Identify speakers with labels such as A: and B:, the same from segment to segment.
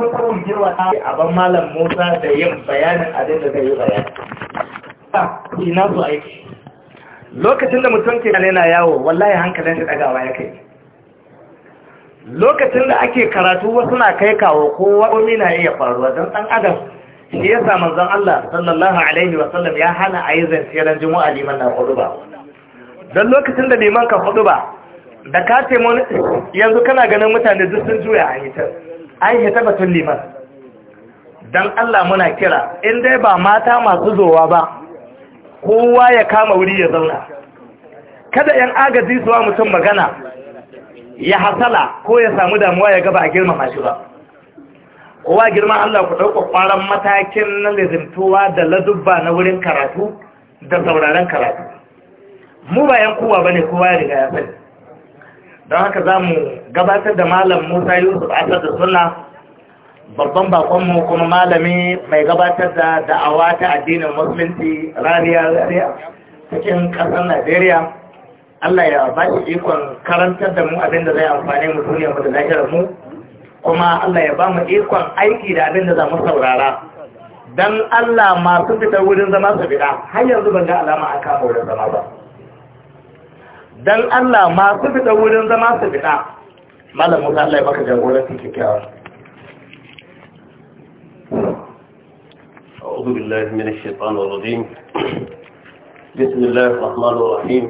A: ko saboda girma ta a ban malam Musa da yin bayanin abin da zai yi bayani ina su aiki lokacin da mutum ke na yawo wallahi hankalin shi dagawa ya kai lokacin da ake karatu wasu na kai kawo ko wani na iya faruwa don ɗan adam shi ya sa manzon Allah sallallahu alaihi wa sallam ya hana a yi zance ran juma'a liman na hudu ba don lokacin da liman ka hudu ba da ka ce yanzu kana ganin mutane duk sun juya a hitar ai hitabatun liman dan Allah muna kira in dai ba mata masu zowa ba kowa ya kama wuri ya zauna kada yan agaji suwa mutum magana ya hasala ko ya samu damuwa ya gaba a girmama shi ba kowa girma, Allah ku ɗauka ƙwaron matakin na lizimtuwa da ladubba na wurin karatu da sauraren karatu mu ba yan kowa ne, kowa ya riga ya sani don haka za mu gabatar da malam musa yusuf a da suna babban bakonmu kuma malami mai gabatar da da'awa ta addinin musulunci rariya rariya cikin kasar najeriya allah ya ba shi ikon karantar da mu abin da zai amfani mu duniya mu da lahirar mu kuma allah ya ba mu ikon aiki da abin da za mu saurara dan allah masu fitar wurin zama su fita har yanzu ban ga alama a kama wurin zama ba dan Allah masu fita wurin zama su fita malam Musa Allah ya baka jagoranci kyakkyawa
B: أعوذ بالله من الشيطان الرجيم بسم الله الرحمن الرحيم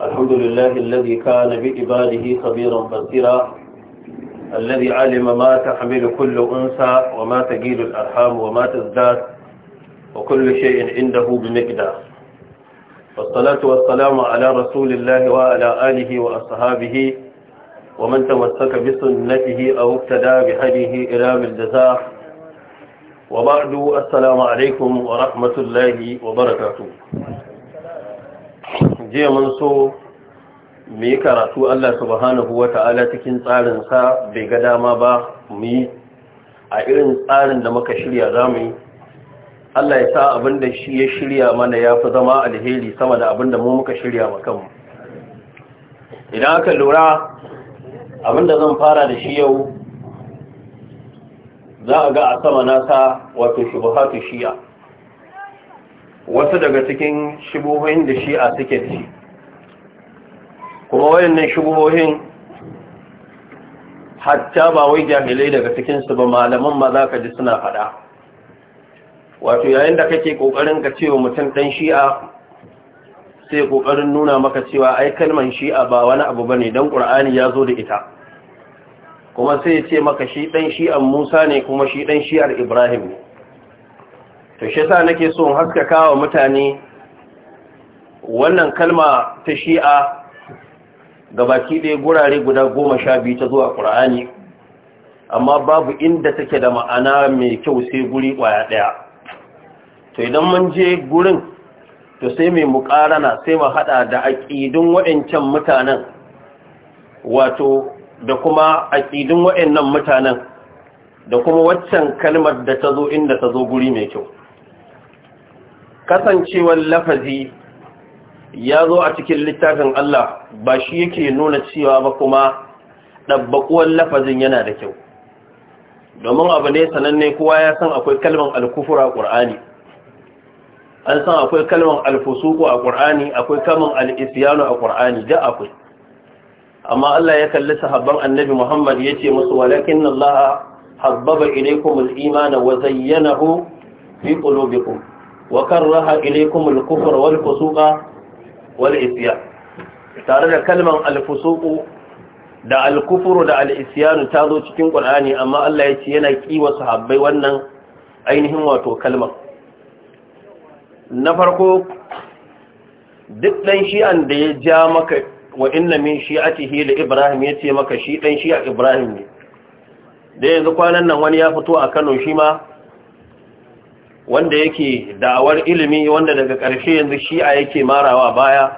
B: الحمد لله الذي كان بإباده خبيرا بصيرا الذي علم ما تحمل كل أنثى وما تجيل الأرحام وما تزداد وكل شيء عنده بمقدار والصلاة والسلام على رسول الله وعلى آله وأصحابه ومن تمسك بسنته أو اقتدى بهديه إلى بالجزاء وبعد السلام عليكم ورحمة الله وبركاته جي منصو mai karatu Allah subhanahu wa ta'ala cikin tsarinsa bai ga dama ba mu yi a irin tsarin da muka shirya za mu yi Allah ya sa abin da shi ya shirya mana ya fi zama alheri sama da abin da mu muka shirya kanmu. idan aka lura abin da zan fara da shi yau za a ga a sama nasa wato buhatu shi'a wasu daga cikin shubuhohin da shi suke da shi kuma wayannan shubuhohin hatta ba wai jahilai daga cikinsu ba malaman ma za ka ji suna faɗa wato yayin da kake kokarin ka cewa mutum dan shi'a sai kokarin nuna maka cewa ai kalman shi'a ba wani abu bane dan qur'ani ya zo da ita kuma sai ya ce maka shi dan shi'an Musa ne kuma shi dan shi'ar Ibrahim ne to shi yasa nake so in haskaka wa mutane wannan kalma ta shi'a baki ɗaya gurare guda goma sha biyu ta zuwa ƙur'ani amma babu inda take da ma'ana mai kyau sai guri kwaya ɗaya to idan mun je gurin to sai mai muƙarana sai mu haɗa da aqidun wa'ancan mutanen wato da kuma aƙidun waɗannan mutanen da kuma waccan kalmar da ta zo inda ta zo guri mai kyau kasancewar lafazi ya zo a cikin littafin Allah ba shi yake nuna cewa ba kuma ɗabbaƙuwar lafazin yana da kyau domin abu ne sananne kowa ya san akwai kalmar alkufura ƙur'ani an san akwai kalmar alfusuku a ƙur'ani akwai kalmar al'isiyanu a ƙur'ani da akwai amma Allah ya kalli sahabban annabi Muhammad ya ce musu walakin Allah habbaba ilaikum al-imana wa zayyanahu fi qulubikum wa karaha ilaikum al-kufra wal fusuqa wal isyan tare da kalmar al-fusuqu da al-kufru da al-isyan ta zo cikin Qur'ani amma Allah ya ce yana kiwa sahabbai wannan ainihin wato kalmar na farko duk ɗan shi'an da ya ja maka wa inna min shi'atihi da Ibrahim ya ce maka shi ɗan shi'a Ibrahim ne da yanzu kwanan nan wani ya fito a Kano shi ma wanda yake da'awar ilimi wanda daga ƙarshe yanzu shi'a yake marawa baya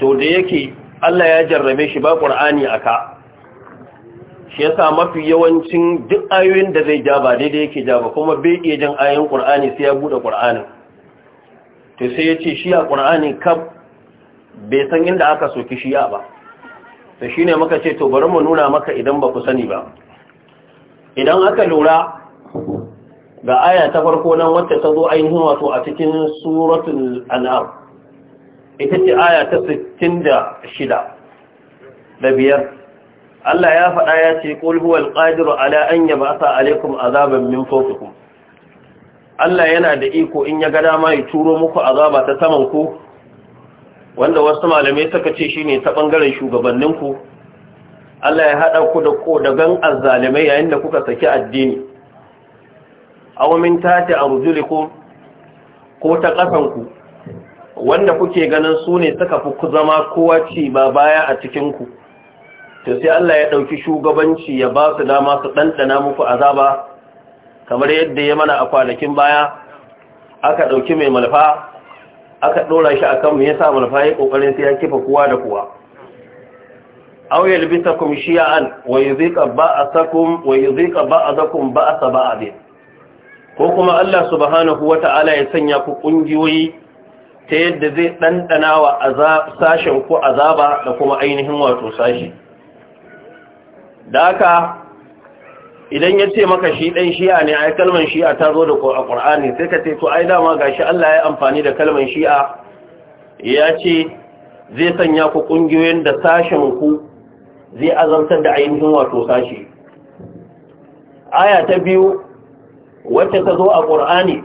B: to da yake Allah ya jarrabe shi ba a ka shi ya sa mafi yawancin duk ayoyin da zai jaba daidai yake ja ba kuma bai iya jan ayoyin sai ya buɗe ƙur'anin. to sai ya ce shi a ƙur'ani kaf bai san inda aka soki Shia ba shi shine muka ce to bari mu nuna maka idan ba ku sani ba idan aka lura ga aya ta farko nan wacce ta zo ainihin wato a cikin suratul an'am ita ce aya ta 66 da biyar Allah ya faɗa ya ce qul huwal qadiru ala an sa alaykum azaban min fawqikum Allah yana da iko in ya ga dama ya turo muku azaba ta saman ku wanda wasu malamai suka ce shine ta bangaren shugabannin ku Allah ya hada ku da ko da gan azzalimai yayin da kuka saki addini aw min tati arzulikum ko ta kasan ku wanda kuke ganin su ne suka fi ku zama kowa ci ba baya a cikin ku to sai Allah ya dauki shugabanci ya ba su dama su dandana muku azaba kamar yadda ya mana a kwanakin baya aka ɗauki mai malfa aka ɗora shi a kan mu ya sa malfa ya ƙoƙarin sai ya kifa kowa da kowa Auyar bisa kum shi'an wa yuziqa ba'asakum wa yuziqa ba'adakum a bin. ko kuma Allah subhanahu wa ta'ala ya sanya ku ƙungiyoyi ta yadda zai ɗanɗana wa sashen ku azaba da kuma ainihin wato sashi da haka idan ya ce maka shi ɗan shi'a ne ai kalmar shi'a ta zo da Kur'ani, sai ka ce to ai dama shi Allah ya amfani da kalman shi'a ya ce zai sanya ku ƙungiyoyin da sashen ku zai azamtar da ainihin wato sashi aya ta biyu wacce ta zo a ƙur'ani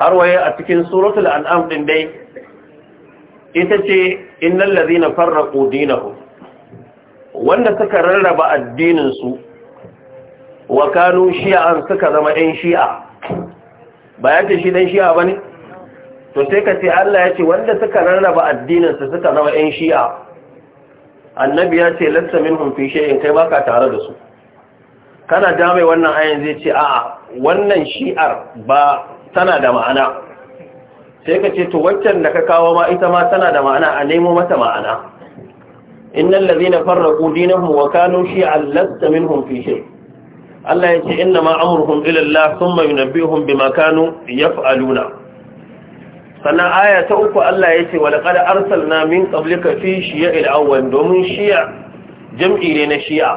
B: har waye a cikin suratul an'am din dai ita ce innal ladhina farraqu dinahum wanda suka rarraba addinin su wa kanu shi'an suka zama ɗan shi'a ba ya ce shi ɗan shi'a ba ne? to sai ka ce Allah ya ce wanda suka rarraba addininsu suka zama ɗan shi'a annabi ya ce lasta min hunfi shi'in kai baka tare da su kana dame wannan ayin zai ce a'a wannan shi'ar ba tana da ma'ana sai ka ce to waccan da ka kawo ma ita ma tana da ma'ana a nemo mata ma'ana innal ladhina farraqu dinahum wa kanu shi'an lasta min fi shay' Allah ya ce inna ma ilalla ila Allah thumma yunabbihum bima kanu yaf'aluna sannan aya ta uku Allah ya ce walaqad arsalna min qablika fi shiya'il awwal domin shi'a jam'i ne na shi'a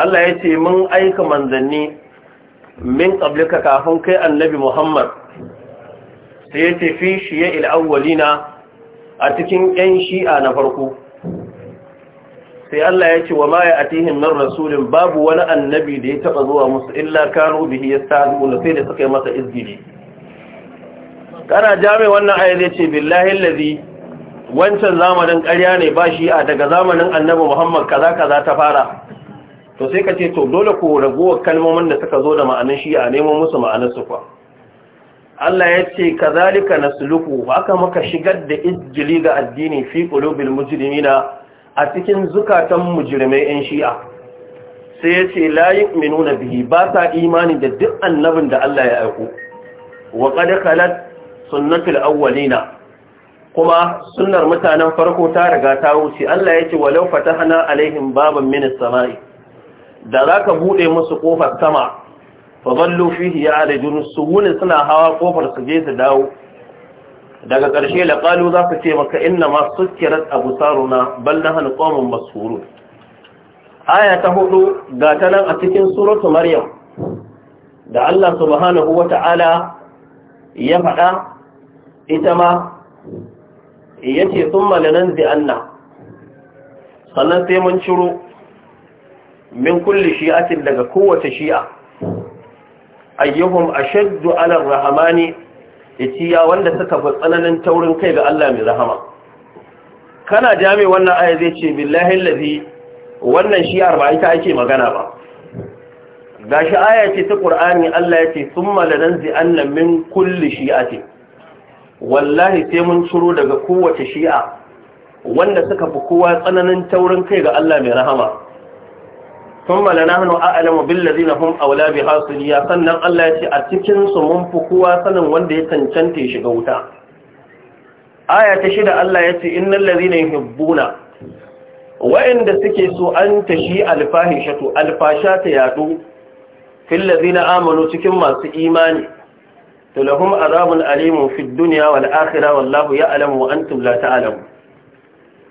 B: Allah ya ce mun aika manzanni min qablika kafin kai annabi Muhammad sai ya ce fi shiya'il awwalina a cikin 'yan shi'a na farko sai Allah ya ce wa ma ya atihim min rasulin babu wani annabi da ya taba zuwa musu illa kanu bihi yastahzi'un sai da suka yi masa izgili kana jami wannan aya zai ce billahi allazi wancan zamanin ƙarya ne ba shi a daga zamanin annabi Muhammad kaza kaza ta fara to sai ka ce to dole ku raguwa kalmomin da suka zo da ma'anin shi a nemo musu ma'anar su Allah ya ce kazalika nasluku haka muka shigar da izgili ga addini fi qulubil mujrimina a cikin zukatan mujrimai yan shi'a sai ya ce la yu'minuna bihi ba sa imani da duk annabin da Allah ya aiko wa qad khalat sunnatul awwalina kuma sunnar mutanen farko ta riga ta wuce Allah ya ce walau fatahna alaihim baban min as-sama'i da zaka bude musu kofar sama fa zallu fihi ya'rijun suwun suna hawa kofar su je su dawo daga ƙarshe laƙalu za ku ce maka inna ma sukkirat abusaruna bal nahnu qawmun masfurun aya ta hudu ga ta nan a cikin suratu maryam da Allah subhanahu ta'ala ya faɗa ita ma yace thumma lananzi anna sannan sai mun ciro min kulli shi'atin daga kowace shi'a ayyuhum ashaddu ala ar-rahmani ya wanda suka fi tsananin taurin kai ga Allah mai rahama kana jami wannan aya zai ce billahi wannan shi arba ita ake magana ba ga shi aya ce ta ƙur'ani Allah ya ce summa lananzi anna min kulli ce. wallahi sai mun ciro daga kowace shi'a wanda suka fi kowa tsananin taurin kai ga Allah mai rahama sun malana hannu a alamu billazi na hun aula bi hasuliya sannan Allah ya ce a cikinsu mun fi kuwa sanin wanda ya cancanta shiga wuta aya ta shida Allah ya ce innal ladhina yuhibbuna wa'inda suke so an tashi alfahishatu alfasha ta yadu fil ladhina amanu cikin masu imani to lahum azabun alimun fid dunya wal akhirah wallahu ya'lamu wa antum la ta'lamun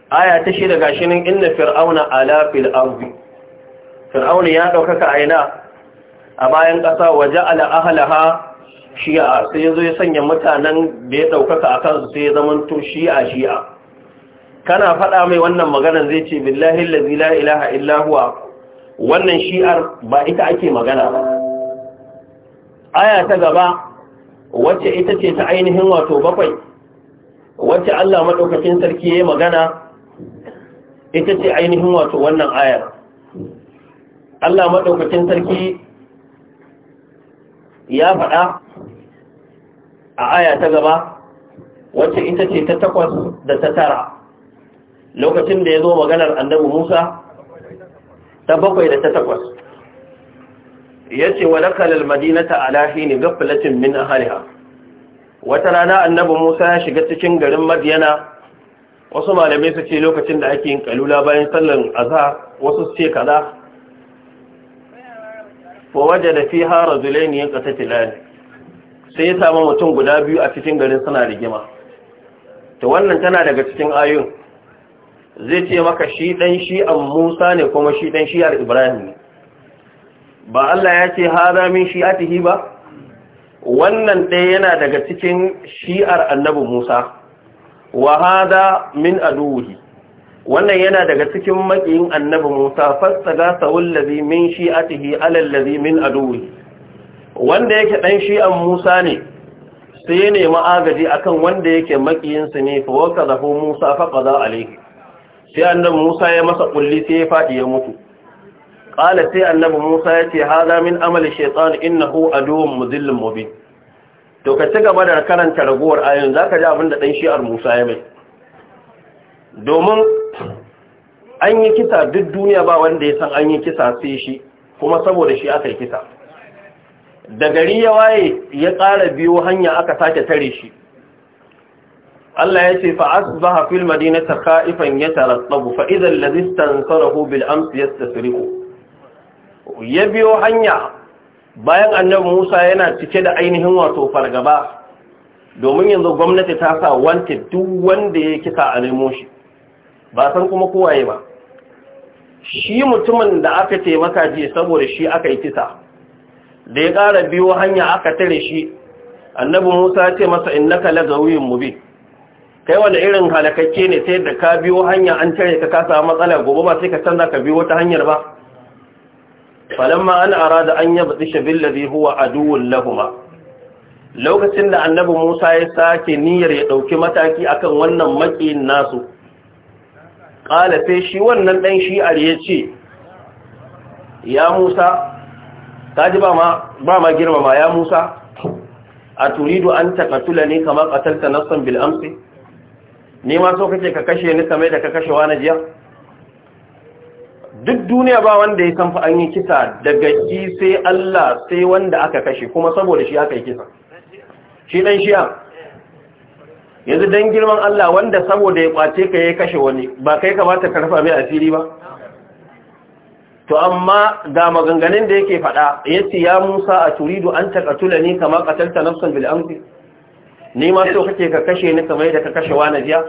B: aya ta shida gashinin, inna fir'auna ala fil arzi. fir'auni ya ɗaukaka a a bayan ƙasa waje al'ahalaha shi'a sai ya zo ya sanya mutanen da ya ɗaukaka a kansu sai ya zama to shi'a shi'a kana faɗa mai wannan magana zai ce billahi lazi la ilaha illahuwa wannan shi'ar ba ita ake magana ba aya ta gaba wacce ita ce ta ainihin wato bakwai wacce Allah maɗaukakin sarki ya magana ita ce ainihin wato wannan ayar Allah maɗaukacin sarki ya faɗa a aya ta gaba wacce ita ce ta takwas da ta tara lokacin da ya zo maganar annabi Musa ta bakwai da ta takwas ya ce wa dakalar madinata alahi ne gafilatin min ahaliha wata rana annabi Musa ya shiga cikin garin madiyana wasu malamai su ce lokacin da ake yin kalula bayan sallan azhar wasu ce kaza wa da fi hara sai ya samu mutum guda biyu a cikin garin suna rigima ta wannan tana daga cikin ayun zai ce maka shi ɗan shi'an musa ne kuma shi ɗan shi'ar ibrahim ne ba Allah ya ce haza min shi'atihi ba wannan ɗaya yana daga cikin shi'ar annabi musa wa haza min aduhi wannan yana daga cikin makiyin annabi Musa fastaga sawul ladhi min shi'atihi ala ladhi min aduwi wanda yake dan shi'an Musa ne sai ya nemi agaji akan wanda yake makiyin sa ne fa waka da Musa fa qada alayhi sai annabi Musa ya masa kulli sai ya fadi ya mutu qala sai annabi Musa ya ce hada min amali shaytan innahu aduwwun mudhillun mubin to ka ci gaba da karanta ragowar ayoyin zaka ji abin da dan shi'ar Musa ya mai domin an yi kisa duk duniya ba wanda ya san an yi kisa sai shi kuma saboda shi aka yi kisa da gari ya waye ya ƙara biyo hanya aka sake tare shi Allah ya ce fa'asbaha fil madinati khaifan yatarattabu fa idha allazi istansarahu bil amsi yastasriqu ya biyo hanya bayan annabi Musa yana cike da ainihin wato fargaba domin yanzu gwamnati ta sa wanted duk wanda ya kisa a nemo shi ba san kuma kowaye ba shi mutumin da aka taimaka ji saboda shi aka yi kisa da ya ƙara biyo hanya aka tare shi annabi musa ce masa innaka lagawiyin mubi kai wanda irin halakakke ne sai da ka biyo hanya an tare ka kasa matsala gobe ba sai ka canza ka biyo wata hanyar ba falamma an arada an yabdi shabil ladhi huwa aduwwun lahumma lokacin da annabi musa ya sake niyyar ya ɗauki mataki akan wannan maki nasu ƙala sai shi wannan ɗan shi'ar ya ce ya musa ta ji ba ma girmama ya musa a turidu an takatula ne kamar na nassan bil'amsi ne ma so kake ka kashe ni kamar da ka kashe wa na jiya duk duniya ba wanda ya san fa an yi kisa daga shi sai Allah sai wanda aka kashe kuma saboda shi aka yi kisa shi ɗan shi'ar yanzu dan girman Allah wanda saboda ya kwace ka ya kashe wani ba kai kamata ka rufa mai asiri ba to amma ga maganganun da yake faɗa yace ya Musa a turidu an taqatula ni kama qatalta nafsan bil amri ni ma so kake ka kashe ni kamar yadda ka kashe wani jiya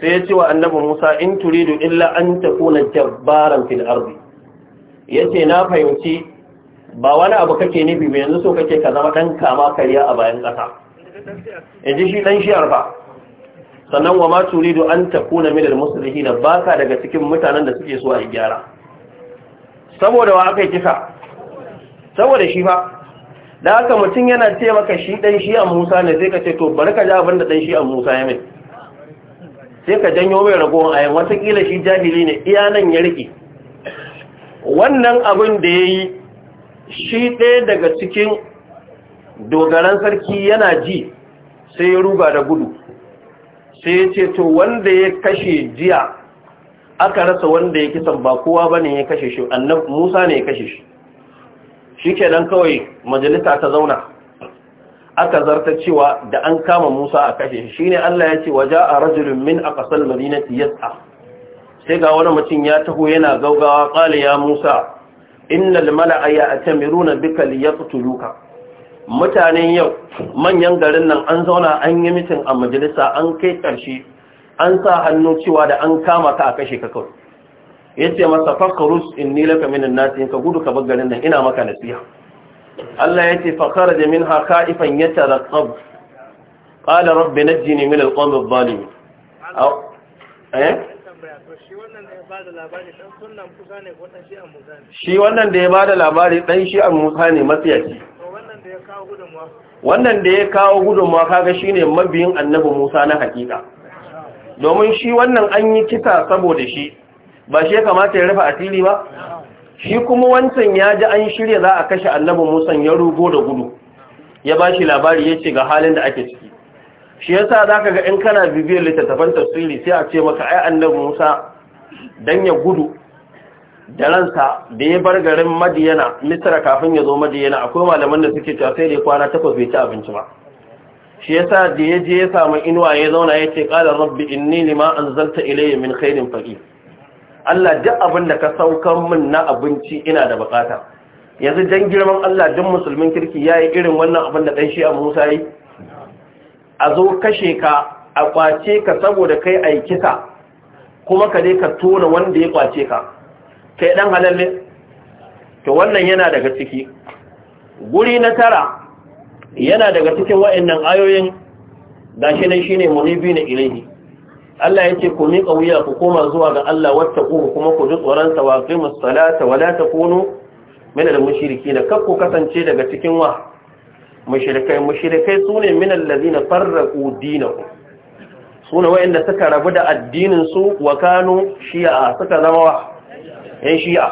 B: sai ya ce wa annabi Musa in turidu illa an takuna jabbaran fil ardi yace na fahimci ba wani abu kake nufi ba yanzu so kake ka zama dan kama kariya a bayan kasa. In ji shi ɗan shiyar ba sannan wa ma turidu an takuna minal ba baka daga cikin mutanen da suke so a gyara saboda wa aka yi kisa saboda shi fa da haka mutum yana ce maka shi ɗan shiyar Musa ne sai ka ce to bari ka ji abin da dan shiyar Musa ya mai sai ka janyo mai ragowar ayan watakila shi jahili ne iya nan ya riƙe wannan abin da ya yi shi ɗaya daga cikin dogaran sarki yana ji sai ya ruga da gudu sai ya ce to wanda ya kashe jiya aka rasa wanda ya kisan ba kowa ba ne ya kashe shi annan musa ne ya kashe shi shi nan kawai majalisa ta zauna aka zarta cewa da an kama musa a kashe shi ne allah ya ce waje a rajulun min a ƙasar madinati yasa sai ga wani mutum ya taho yana gaugawa kala ya musa innal a ya atamiruna bika liyaqtuluka mutanen yau manyan garin nan an zauna an yi mitin a majalisa an kai ƙarshe an sa hannu cewa da an kama ka a kashe ka kawai ya ce masa fakarus in ni laka minin nasi ka gudu ka garin nan ina maka nasiha Allah ya ce fakara da min haka ifan ya tara tsab ƙala rabbi na jini min alƙon babbali
A: shi wannan da ya ba da
B: labari ɗan shi a musa ne matsiyaci wannan da ya kawo gudunmawa kaga shine mabiyin annabi Musa na hakika domin shi wannan an yi kisa saboda shi ba shi ya kamata ya rufe asiri ba shi kuma wancan ya ji an shirya za a kashe annabi Musa ya rugo da gudu ya ba shi labari ya ce ga halin da ake ciki shi ya sa za ka ga in kana bibiyar littattafan tafsiri sai a ce maka ai annabi Musa dan ya gudu da ransa da ya bar garin madiyana misra kafin ya zo madiyana akwai malaman da suke cewa sai da kwana takwas bai ci abinci ba shi yasa da ya je ya samu inuwa ya zauna ya ce qala rabbi inni lima anzalta ilayya min khairin faqi Allah duk abin da ka saukar min na abinci ina da bukata yanzu dan girman Allah duk musulmin kirki yayi irin wannan abin da dan shi a Musa yi a zo kashe ka a kwace ka saboda kai aikisa kuma ka je ka tona wanda ya kwace ka sai ɗan halal ne to wannan yana daga ciki guri na tara yana daga cikin wa'annan ayoyin gashi nan ne munibi na ilahi Allah ce ku miƙa wuya ku koma zuwa ga Allah ku kuma ku ji tsoron wa fi salata wa la takunu min al-mushrikeen kar ku kasance daga cikin wa mushrikai mushrikai sune min alladhina farraqu dinahum sune wa'anda suka rabu da addinin su wa kanu shi'a suka zama wa yan shi'a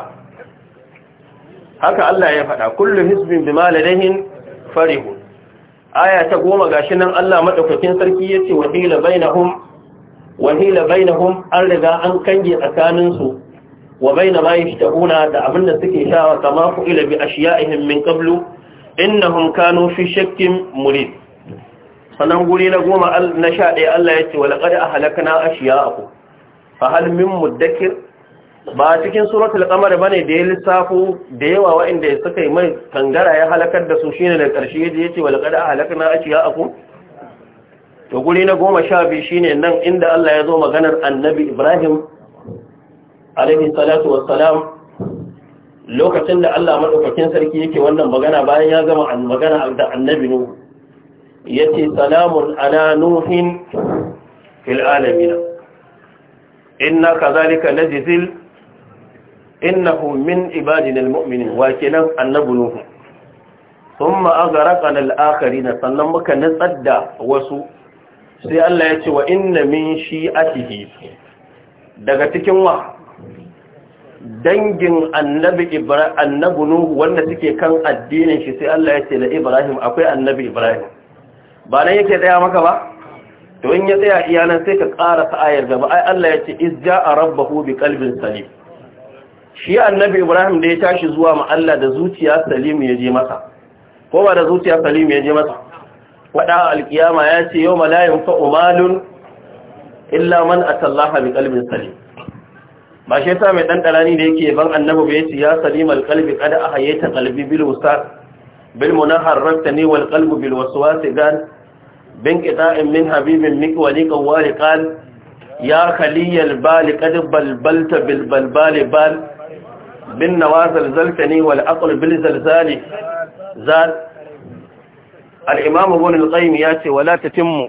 B: haka Allah ya faɗa Kullum hisbin bima ladayhim farihun aya ta goma gashi nan Allah maɗaukakin sarki ce wahila bai na bainahum an riga an kange tsakanin su wa baina ma yashtahuna da da suke shawa kama ku ila bi ashiya'ihim min qablu innahum kanu fi shakkin murid sanan guri na goma na sha ɗaya Allah yace wa a ahlakna ashiya'akum fa hal min mudakkir ba cikin suratul qamar bane da ya lissafo da yawa waɗanda suka yi mai kangara ya halakar da su shine da ƙarshe yaje yace wal qad ahlakna ashya'akum to guri na 12 shine nan inda Allah ya zo maganar annabi Ibrahim alaihi salatu wassalam lokacin da Allah madaukakin sarki yake wannan magana bayan ya gama magana da annabi Nuh yace salamun ala nuhin fil alamin inna kadhalika najzil innahu min ibadin almu'minin wa kenan annabi nuhu thumma aghraqna al-akharin sannan muka nutsar da wasu sai Allah ya ce wa inna min shi'atihi daga cikin wa dangin annabi ibrahim nuhu wanda suke kan addinin shi sai Allah ya ce la ibrahim akwai annabi ibrahim ba nan yake tsaya maka ba to in ya tsaya iyanan sai ka ƙara ayar gaba ai Allah ya ce izja rabbahu bi kalbin salim shi annabi ibrahim da ya tashi zuwa ma da zuciya salimu ya je masa ko ba da zuciya salimu ya je masa wada alkiyama ya ce yau malayin fa umalun illa man atallaha bi qalbin salim ba shi yasa mai dan dalani da yake ban annabi bai ce ya salim alqalbi qad ahayta qalbi bil wasat bil munahar rattani wal qalbu bil waswas gan bin qita'in min habibin mik wa liqan wa liqal ya khaliyal bal qad balbalta bil balbal bal بالنوازل زلتني والعقل بالزلزال زال الإمام ابن القيم ياتي ولا تتم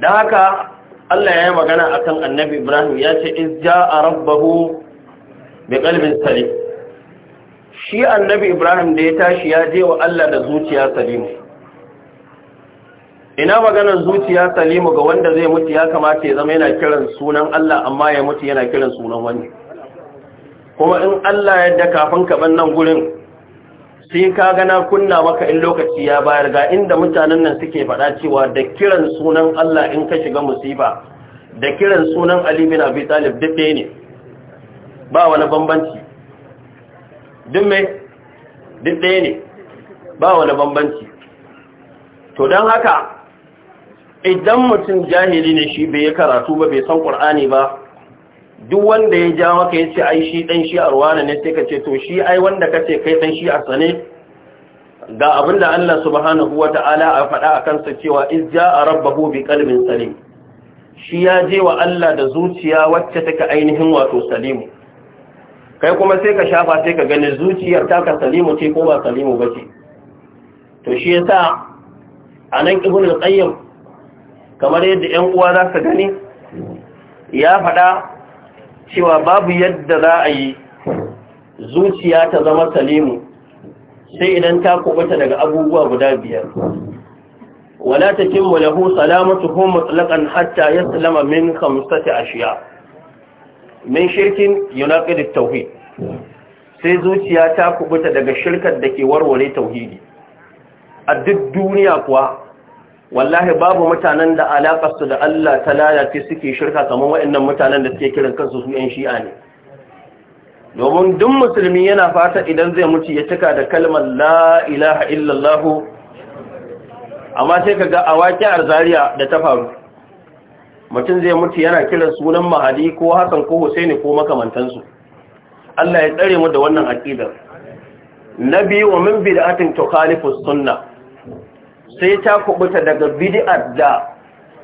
B: da haka Allah ya yi magana a kan annabi Ibrahim ya ce in ja a rabbahu da kalbin salim shi annabi Ibrahim da ya tashi ya je wa Allah da zuciya salimu ina maganar zuciya salimu ga wanda zai mutu ya kamata ya zama yana kiran sunan Allah amma ya mutu yana kiran sunan wani kuma in Allah yadda kafin kaban nan gurin sai ka gana kunna maka in lokaci ya bayar ga inda mutanen nan suke faɗa cewa da kiran sunan Allah in ka shiga musifa da kiran sunan Ali bin Abi Talib duk ɗaya ne ba wani bambanci duk mai duk ɗaya ne ba wani bambanci to don haka idan mutum jahili ne shi bai karatu ba bai san ƙur'ani ba duk wanda ya ja maka ya ce ai shi ɗan shi arwana ne sai ka ce to shi ai wanda ka kai dan shi a sane ga abinda Allah subhanahu wa ta'ala a faɗa a kansa cewa iz rabbahu bi salim shi ya je wa Allah da zuciya wacce take ainihin wato salimu kai kuma sai ka shafa sai ka gani zuciyar taka salimu ce ko ba salimu ba ce to shi yasa a nan al-qayyim kamar yadda ƴan uwa za su gani ya faɗa cewa babu yadda za a yi zuciya ta zama salimu sai idan ta kubuta daga abubuwa guda biyar wala ta hu lahu hu mutlaqan hatta yaslama min khamsati ashiya min shirkin yunaqid at-tauhid sai zuciya ta kubuta daga shirkar da ke warware tauhidi a duk duniya kuwa wallahi babu mutanen da alaƙarsu da Allah ta lalace suke shirka kamar waɗannan mutanen da suke kiran kansu su ‘yan shi'a ne domin duk musulmi yana fata idan zai mutu ya cika da kalmar la ilaha illallahu amma sai ka ga a a zariya da ta faru mutum zai mutu yana kiran sunan mahadi ko hakan ko husaini ko makamantansu Allah ya tsare mu da wannan aƙidar na biyu wa min bid'atin tukhalifu sunnah sai ta kubuta daga bid'ar da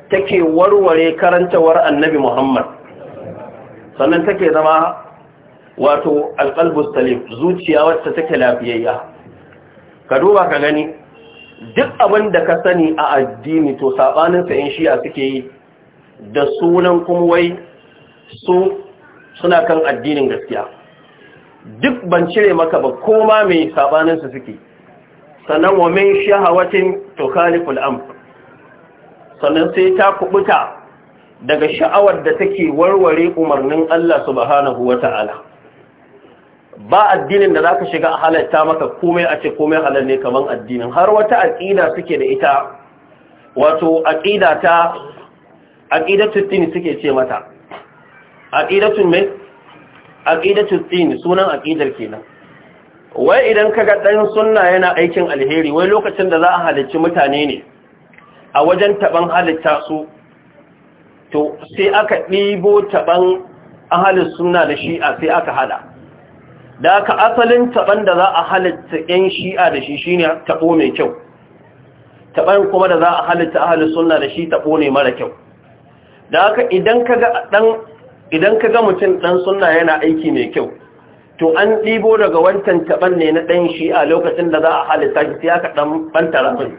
B: take warware karantawar annabi Muhammad sannan take zama wato alqalbus salim zuciya wacce take lafiyayya ka duba ka gani duk abin da ka sani a addini to sabanin sa in shi'a suke yi da sunan kuma wai su suna kan addinin gaskiya duk ban cire maka ba koma mai sabanin su suke sannan wa min shahawatin tukhaliful am sannan sai ta kubuta daga sha'awar da take warware umarnin Allah subhanahu wata'ala ba addinin da zaka shiga halatta maka komai a ce komai halal ne kaman addinin har wata aqida suke da ita wato aqida ta aqidatul tin suke ce mata aqidatul mai aqidatul tin sunan aqidar kenan wai idan kaga dan sunna yana aikin alheri wai lokacin da za a halicci mutane ne a wajen taban halitta su to sai aka ɗibo taban ahalin sunna da shi'a sai aka hada da aka asalin taban da za a halitta ƴan shi'a da shi shine tabo mai kyau taban kuma da za a halitta ahalin sunna da shi tabo ne mara kyau da aka idan kaga dan idan mutum dan sunna yana aiki mai kyau to an ɗibo daga wancan taɓan ne na ɗan shi a lokacin da za a halitta shi ya kaɗan ɓanta ramin,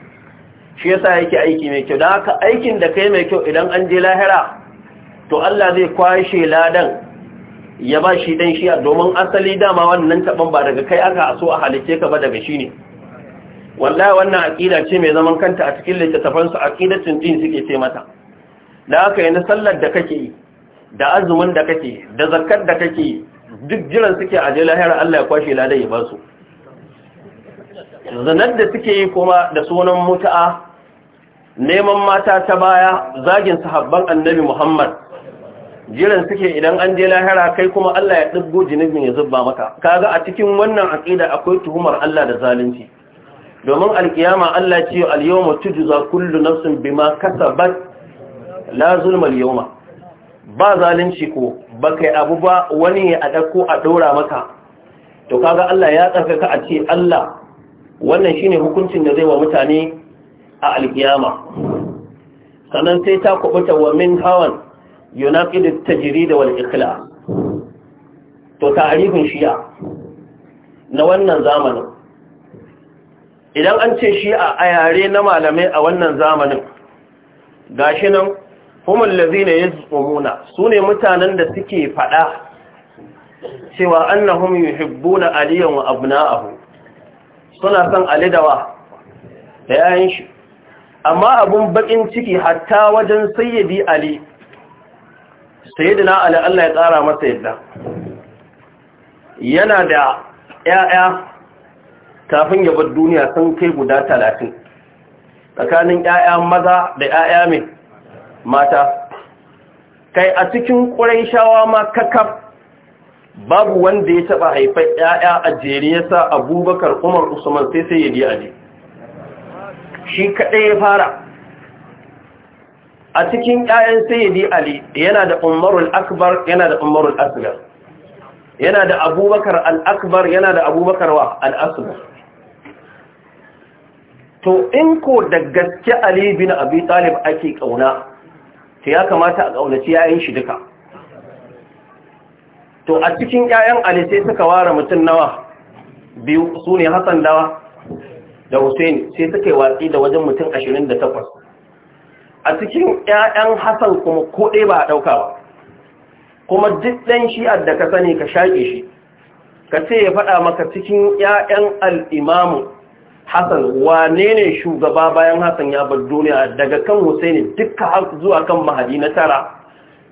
B: shi ya yasa yake aiki mai kyau da haka aikin da kai mai kyau idan an je lahira to Allah zai kwashe ladan ya ba shi dan shi domin asali dama wannan taɓan ba daga kai aka so a halitta ka ba daga shi ne wallahi wannan aƙida ce mai zaman kanta a cikin su aqidatin din suke ce mata da haka yana sallar da kake da azumin da kake da zakkar da kake duk jiran suke a jela Allah ya kwashe ladan ya ba su zanar da suke yi kuma da sunan mutu'a neman mata ta baya zagin sahabban annabi Muhammad jiran suke idan an je lahira kai kuma Allah ya ɗiggo jinibin ya zubba maka kaga a cikin wannan aqida akwai tuhumar Allah da zalunci domin alkiyama Allah ce al-yawma tujza kullu nafsin bima kasabat la zulma al-yawma ba zalunci ko ba yi abu ba wani a ɗauko a ɗora maka to kaga Allah ya tsarkaka a ce Allah wannan shine hukuncin da zai wa mutane a alkiyama sannan sai ta kubuta wa min hawan yunaqid at-tajrid wal ikhlas to ta'arifin shi'a na wannan zamanin idan an ce shi'a a yare na malamai a wannan zamanin gashi nan humul lazina yazqumuna sune mutanen da suke faɗa. cewa annahum yuhibbuna aliyan wa abna'ahu suna son ali da wa yayin shi amma abun baƙin ciki hatta wajen sayyidi ali sayyidina ali Allah ya tsara masa yadda yana da 'ya'ya kafin ya bar duniya sun kai guda talatin, tsakanin ƴaƴa maza da 'ya'ya mai mata kai a cikin shawa ma kakaf babu wanda ya taɓa haifar ‘ya'ya a jere ya sa abubakar umar usman sai sai ya biya aji shi kaɗai ya fara a cikin ‘ya'yan sayyidi ali yana da umarul akbar yana da umarul asgar yana da abubakar al'akbar yana da abubakar wa al'asgar to in ko da gaske ali bin abi talib ake ƙauna ta ya kamata a ƙaunaci yayin shi duka to a cikin yayan ali sai suka ware mutum nawa biyu su ne hassan dawa da hussein sai suka yi watsi da wajen mutum 28 a cikin yayan hassan kuma koɗe ba a ɗauka ba kuma duk ɗan shi'ar da ka sani ka shaƙe shi ka ce ya faɗa maka cikin ‘ya'yan al'imamu Hassan wane ne shugaba bayan Hassan ya bar duniya daga kan Hussein dukkan har zuwa kan Mahadi na tara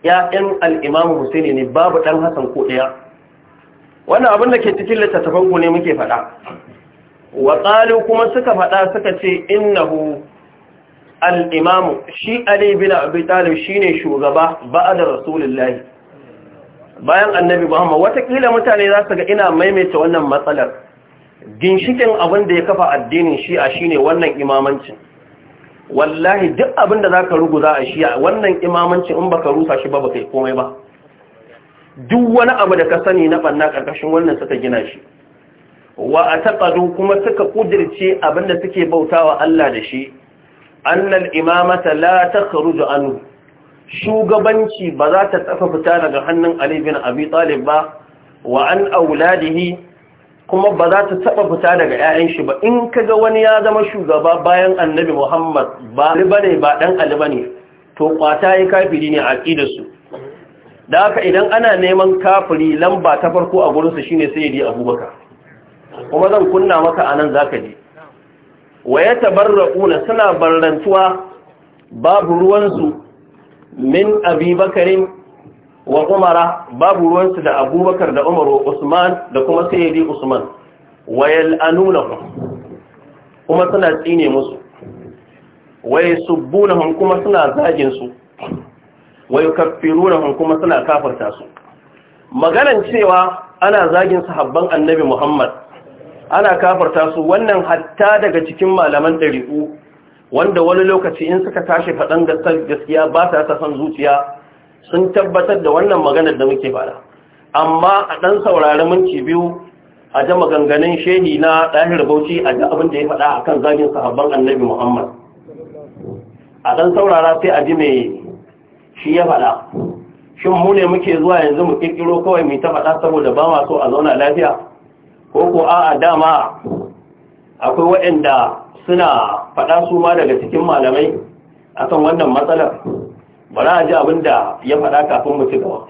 B: Ya'yan al-Imam ne babu dan Hassan ko ɗaya wannan abin da ke cikin littafin ku ne muke faɗa wa qalu kuma suka faɗa suka ce innahu al-Imam shi Ali bin Abi Talib shine shugaba ba'da Rasulullahi bayan Annabi Muhammad watakila mutane za su ga ina maimaita wannan matsalar ginshikin abin da ya kafa addinin shi'a shine wannan imamancin wallahi duk abin da za zaka ruguza a shi'a wannan imamancin in baka rusa shi ba baka yi komai ba duk wani abu da ka sani na banna karkashin wannan suka gina shi wa a ataqadu kuma suka ƙudirce abin da suke bautawa Allah da shi annal imamata la takhruju anu. shugabanci ba za ta tsafa fita daga hannun Ali bin Abi Talib ba wa an auladihi kuma ba za ta taba fita daga 'ya'yan shi ba in kaga wani ya zama shugaba bayan annabi Muhammad ba ali bane ba dan ali bane to kwata yi kafiri ne a aqidar su da haka idan ana neman kafiri lamba ta farko a gurin su shine sayyidi Abubakar kuma zan kunna maka anan zaka ji wa ra'una suna barrantuwa babu ruwan su min Abi wa umara babu ruwansu da abubakar da umar wa usman da kuma sayyidi usman wayal anunahu kuma suna tsine musu waye subbunahum kuma suna zagin su waye kaffirunahum kuma suna kafarta su maganan cewa ana zagin sahabban annabi Muhammad ana kafarta su wannan hatta daga cikin malaman dariku wanda wani lokaci in suka tashi faɗan gaskiya ba ta san zuciya sun tabbatar da wannan maganar da muke faɗa. amma a ɗan saurari ci biyu a ji maganganun shehi na ɗahir bauchi a ji abin da ya faɗa a kan zagin sahabban annabi muhammad a ɗan saurara sai a ji mai shi ya faɗa shin mu ne muke zuwa yanzu mu ƙirƙiro kawai mai ta faɗa saboda ba ma so a zauna lafiya ko ko a a dama akwai waɗanda suna faɗa su ma daga cikin malamai akan wannan matsalar ba za a ji abin da ya faɗa kafin mu ci gaba.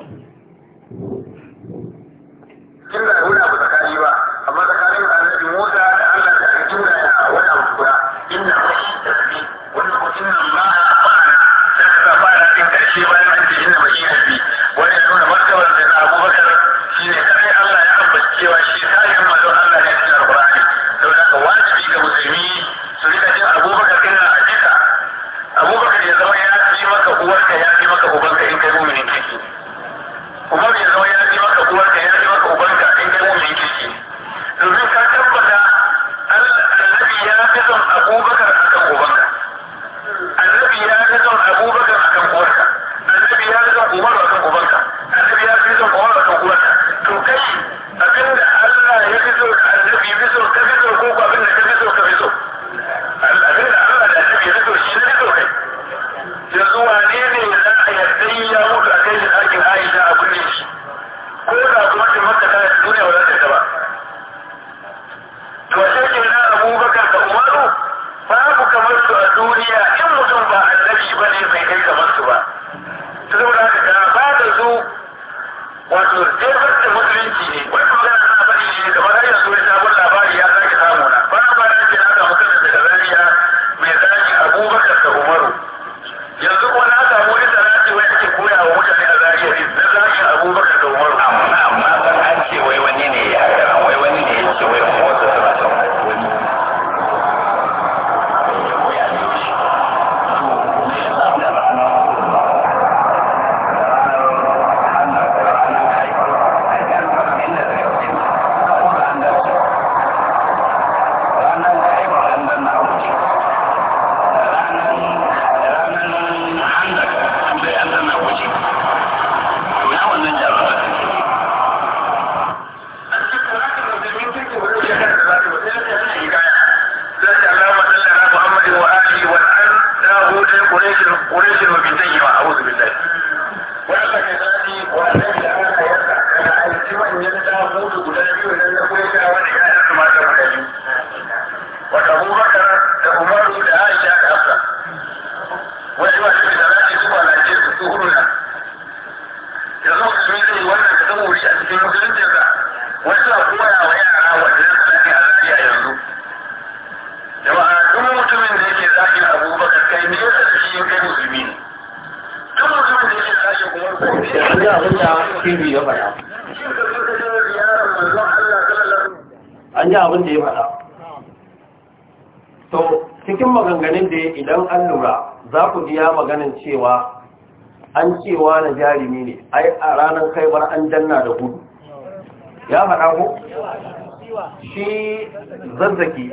B: zazzaki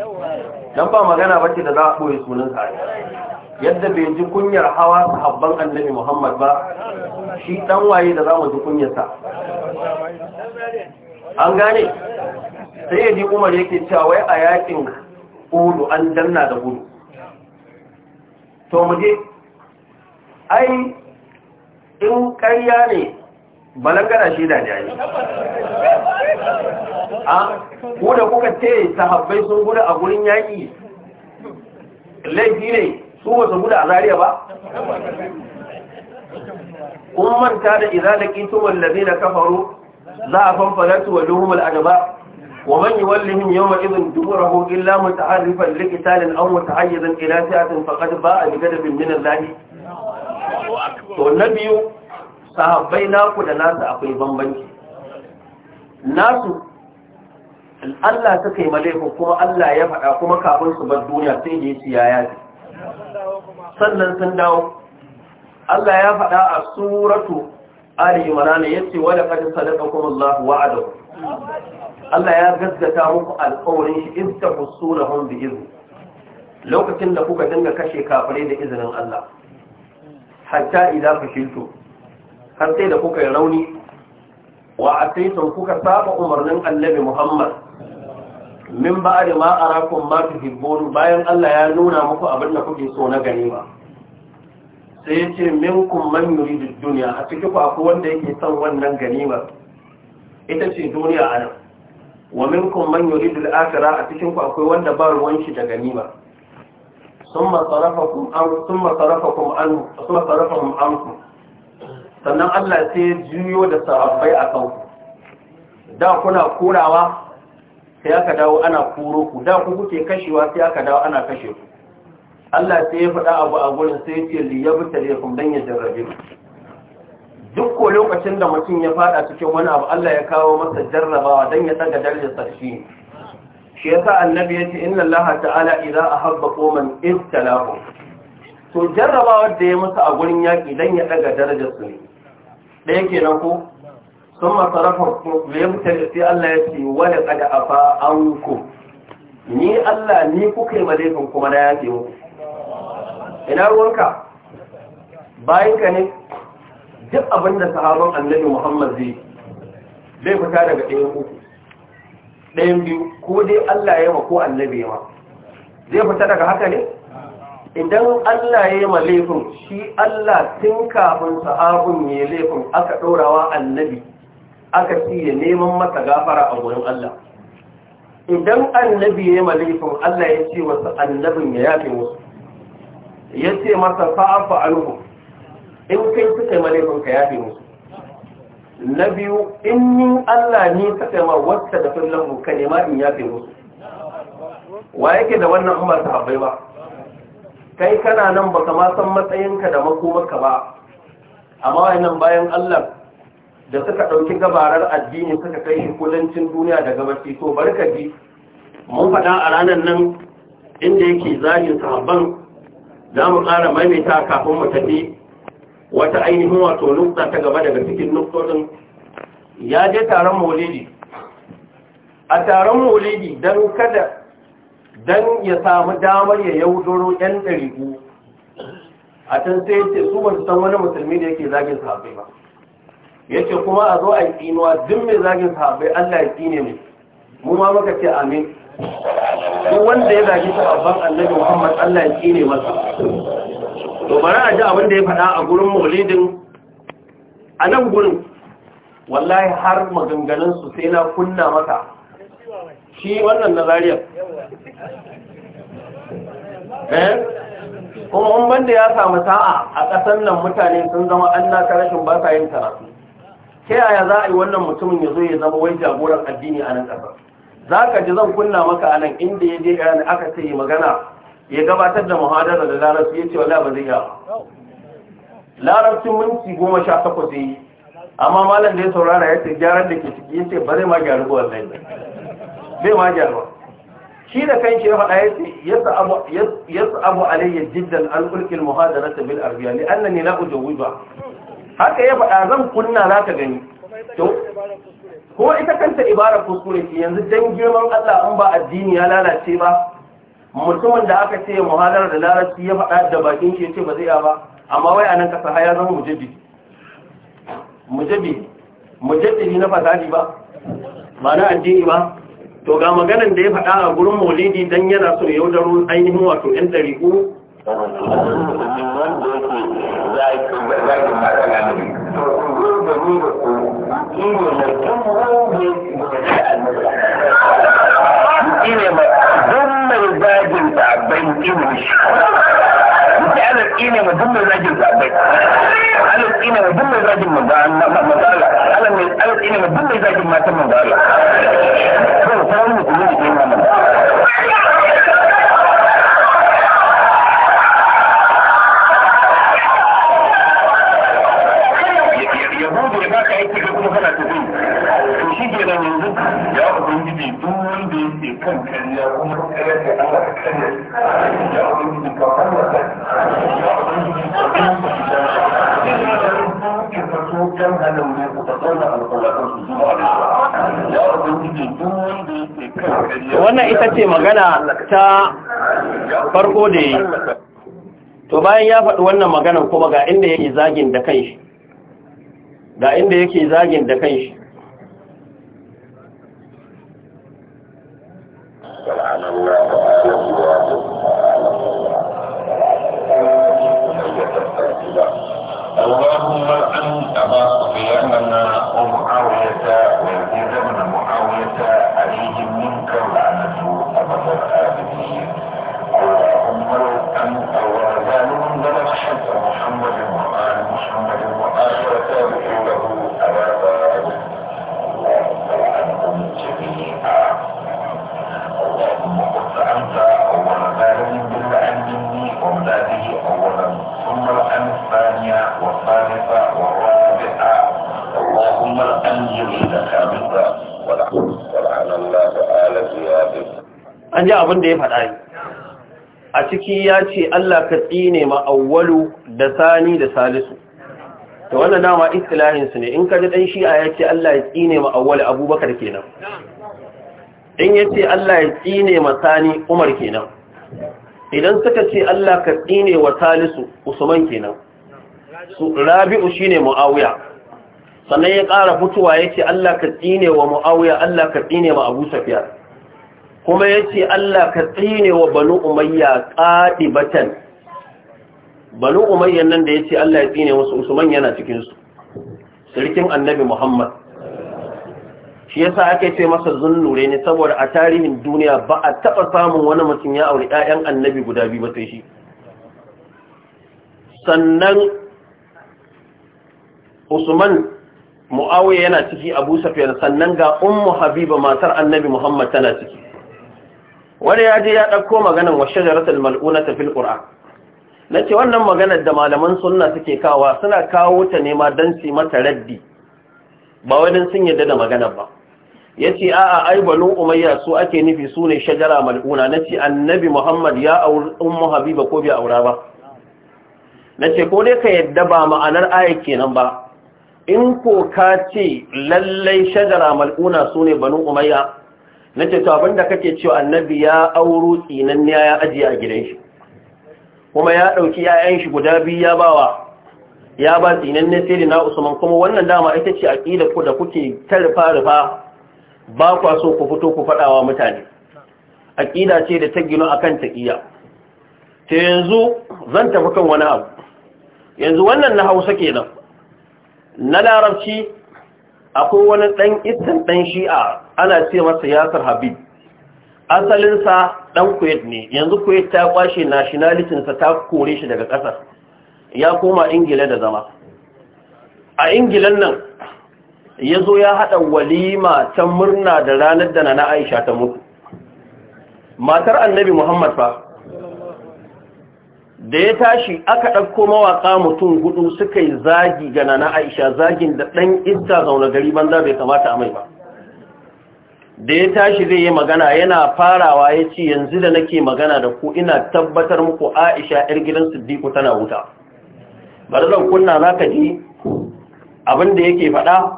B: dan ba magana bace da za a boye sunan sa yadda bai ji kunyar hawa sahabban annabi Muhammad ba shi dan waye da zamu ji kunyar sa
C: an gane sai
B: ji Umar yake cewa wai a yakin Uhud an danna da gudu to mu je ai in ƙarya ne balangana shi da jayi
C: a ko
B: da kuka ce sahabbai sun gudu a gurin yaƙi laifi ne su wasu guda gudu a zariya ba kun manta da izalaki tumar da zai kafaru za a fanfanarsu wa duhumar adaba wa man yi wallihin yau ma'izin duburahu illa mutaharrifan likitalin an mutahayyazin ila siyasin faƙad ba a diga da bin minan lahi to na biyu sahabbai naku da nasu akwai bambanci nasu Allah suka yi malaikun kuma Allah ya faɗa kuma kafin su bar duniya sai da yace ya yaji sannan sun dawo Allah ya faɗa a suratu Ali Imran yace wa laqad sadaqakum Allahu wa'adahu Allah ya gaskata muku alƙawarin shi in ta fusulahum bi izni lokacin da kuka dinga kashe kafirai da izinin Allah hatta idan fito? har sai da kuka yi rauni wa ataitum kuka saba umarnin annabi Muhammad min ba da ma rakon ma tuhibbun bayan Allah ya nuna muku abin da kuke so na ganima sai min minkum manyan yuridu duniya a cikin ku wanda yake son wannan ba ita ce duniya nan wa min man yuridu al-akhirah a cikin ku akwai wanda ba ruwan shi da ganima ثم صرفكم عن ثم صرفكم عنه sannan Allah sai ya juyo da sahabbai a kan da kuna korawa sai aka dawo ana kuro ku da ku kuke kashewa sai aka dawo ana kashe ku Allah sai ya faɗa abu a gurin sai ya ce liyabta lakum dan ya jarrabe ku duk ko lokacin da mutum ya faɗa cikin wani abu Allah ya kawo masa jarrabawa don ya daga darajar shi shi yasa annabi ya ce inna Allah ta'ala idza ahabba qauman ibtalahu to jarrabawar da ya musu a gurin yaki don ya daga darajar su ne ɗaya ke nan ko sun masarafa me ya mutane sai Allah ya ce wani tsada a fa an ku ni Allah ni kuka yi laifin kuma na ya muku ina ruwanka bayanka ne duk abin da sahabon annabi Muhammad zai zai fita daga ɗayan uku ɗayan biyu ko dai Allah ya ma ko annabi ya ma zai fita daga haka ne idan Allah ya yi laifin shi Allah tun kafin sahabin ya yi laifin aka ɗorawa annabi aka siya neman masa gafara a wurin Allah idan annabi ya yi laifin Allah ya ce wasu annabin ya yafe musu ya ce masa fa'afa alhu in kai suka yi laifin ka yafe musu na biyu in yi Allah ni ta kai ma wacce da fillan ka nema in yafe musu wa yake da wannan umar sahabbai ba kai kana nan baka ma san matsayinka da makomarka ba amma wayannan bayan Allah da suka ɗauki gabarar addini suka kai shi kudancin duniya daga gabashi to barka ji mun faɗa a ranar nan inda yake zagin sahabban za mu ƙara maimaita kafin mu tafi wata ainihin wato nukta ta gaba daga cikin nuktodin ya je taron maulidi a taron maulidi don kada don ya samu damar ya yaudoro 'yan ɗariku a can sai ce su ba su san wani musulmi da yake zagin sahabai ba ya ce kuma a zo a yi tsinuwa duk mai zagin sahabai allah ya tsine mai mu ma muka ce amin duk wanda ya zagi sahabban annabi muhammad allah ya tsine masa to bari a ji abin da ya faɗa a gurin maulidin a nan gurin wallahi har maganganunsu sai na kunna maka shi wannan na zariyar eh? kuma in banda ya samu sa'a a ƙasar nan mutane sun zama an ta rashin ba sa yin karatu ta yaya za a yi wannan mutumin ya zo ya zama wai jagoran addini a nan ƙasar za ka ji zan kunna maka a nan inda ya je iran aka ce magana ya gabatar da muhadara da larabci ya ce wala ba zai yawa larabcin minti goma sha takwas yi amma malam da ya saurara ya ce gyaran da ke ciki ya ce ba zai ma gyaru ba wallahi bai ma gyaruwa shi da kan shi ya faɗa ya ce yasa abu alayya jiddan an ulkil muhadara ta bil arbiya ne an na ba haka ya faɗa zan kunna za ka gani to ko ita kanta ibarar kuskure ce yanzu dan girman Allah an ba addini ya lalace ba mutumin da aka ce muhadara da larabci ya faɗa da bakin shi ya ce ba zai ba amma wai anan kasa haya zama mujabbi mujabbi mujabbi na fasadi ba ba na addini ba to ga maganan da ya faɗa a gurin maulidi dan yana so yaudaro ainihin wato yan ɗariƙu
D: ana
E: zagin zagin mazala Allah ne mu duk mai zagin matan manzo Allah to sai mu kuma ji mana yahudu ya baka aiki ga kuma kana tafi to shi ke nan yanzu
D: ya ubangiji duk wanda yake kan kariya kuma kariya da Allah
E: kariya ya ubangiji ka
C: fara ta ya ubangiji ka fara
E: ta ya ubangiji ka fara
B: wannan ita ce magana ta farko da yi to bayan ya faɗi wannan maganan kuma ga inda yake zagin da kai ga inda yake zagin da kai Allah abin da ya faɗa yi a ciki ya ce Allah ka tsine ma'awwalu da sani da salisu ta wannan dama istilahinsu ne in ka ji ɗan shi'a ya ce Allah ya tsine ma'awwalu abubakar kenan in ya ce Allah ya tsine ma sani umar kenan idan suka ce Allah ka tsine wa salisu usman kenan rabi'u ne ma'awuya sannan ya ƙara fitowa ya ce Allah ka tsine wa ma'awuya Allah ka tsine ma abu safiya kuma ya ce Allah ka tsine wa banu umayya ƙaɗibatan banu umayya nan da ya ce Allah ya tsine musu usman yana cikinsu sirkin annabi muhammad shi yasa ake ce masa zunnure ne saboda a tarihin duniya ba a taɓa samun wani mutum ya auri 'ya'yan annabi guda biyu ba sai shi sannan usman mu'awiyya yana ciki abu safiya sannan ga ummu habiba matar annabi muhammad tana ciki wani ya je ya ɗauko maganan wa mal'una ta fil Na ce wannan maganar da malaman sunna suke kawa suna kawo ta nema don dan su mata raddi ba wajen sun yadda da maganar ba Ya ce a'a ai banu umayya su ake nufi su ne shajara mal'una ce annabi muhammad ya auri ummu habiba ko bai aura ba Na ce ko dai ka yadda ba ma'anar aya kenan ba in ko ka ce lallai shajara mal'una su ne banu umayya na ce to abinda kake cewa annabi ya auro tsinan ya ajiye a gidan shi kuma ya ɗauki ‘ya'yan shi guda biyu ya bawa ya ba tsinan ne sai na usman kuma wannan dama ita ce aqida ku da kuke ta rufa ba kwa so ku fito ku faɗawa mutane aqida ce da ta gino akan taƙiya ta yanzu zan tafi kan wani abu yanzu wannan na hausa kenan na larabci akwai wani ɗan itin ɗan shi'a ana ce masa yasir habib asalinsa ɗan kuwait ne yanzu kuwait ta kwashe nationalitinsa ta kore shi daga ƙasar ya koma ingila da zama a ingilan nan ya zo ya haɗa walima ta murna da ranar da na aisha ta mutu matar annabi muhammad fa da ya tashi aka ɗauko mawaƙa mutum hudu suka yi zagi gana na aisha zagin da ɗan iska zaune gari banza bai kamata a mai ba da ya tashi zai yi magana yana farawa ya ce yanzu da nake magana da ku ina tabbatar muku aisha 'yar gidan siddiku tana wuta Ba kunna za ka ji abin da yake faɗa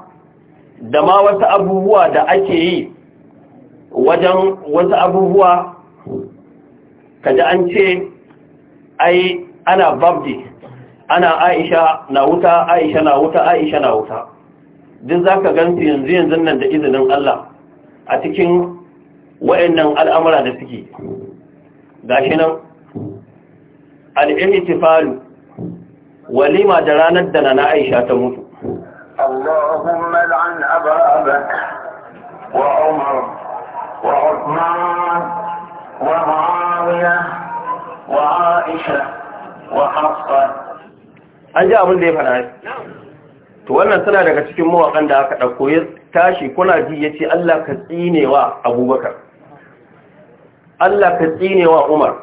B: da ma wasu abubuwa da ake yi wajen wasu abubuwa ka ji an ce ai ana babdi ana aisha na wuta aisha na wuta aisha na wuta duk za ka gansu yanzu yanzu nan da izinin Allah a cikin wa'annan al'amura da suke gashi nan falu walima da ranar da na aisha ta mutu
E: Allahumma اللهم wa umar wa وعمر wa ومعاوية
B: وعائشة
E: وحفصة
B: an ji abin da ya faɗa to wannan suna daga cikin mawaƙan da aka ɗauko ya tashi kuna ji ya ce Allah ka tsinewa abubakar Allah ka tsinewa umar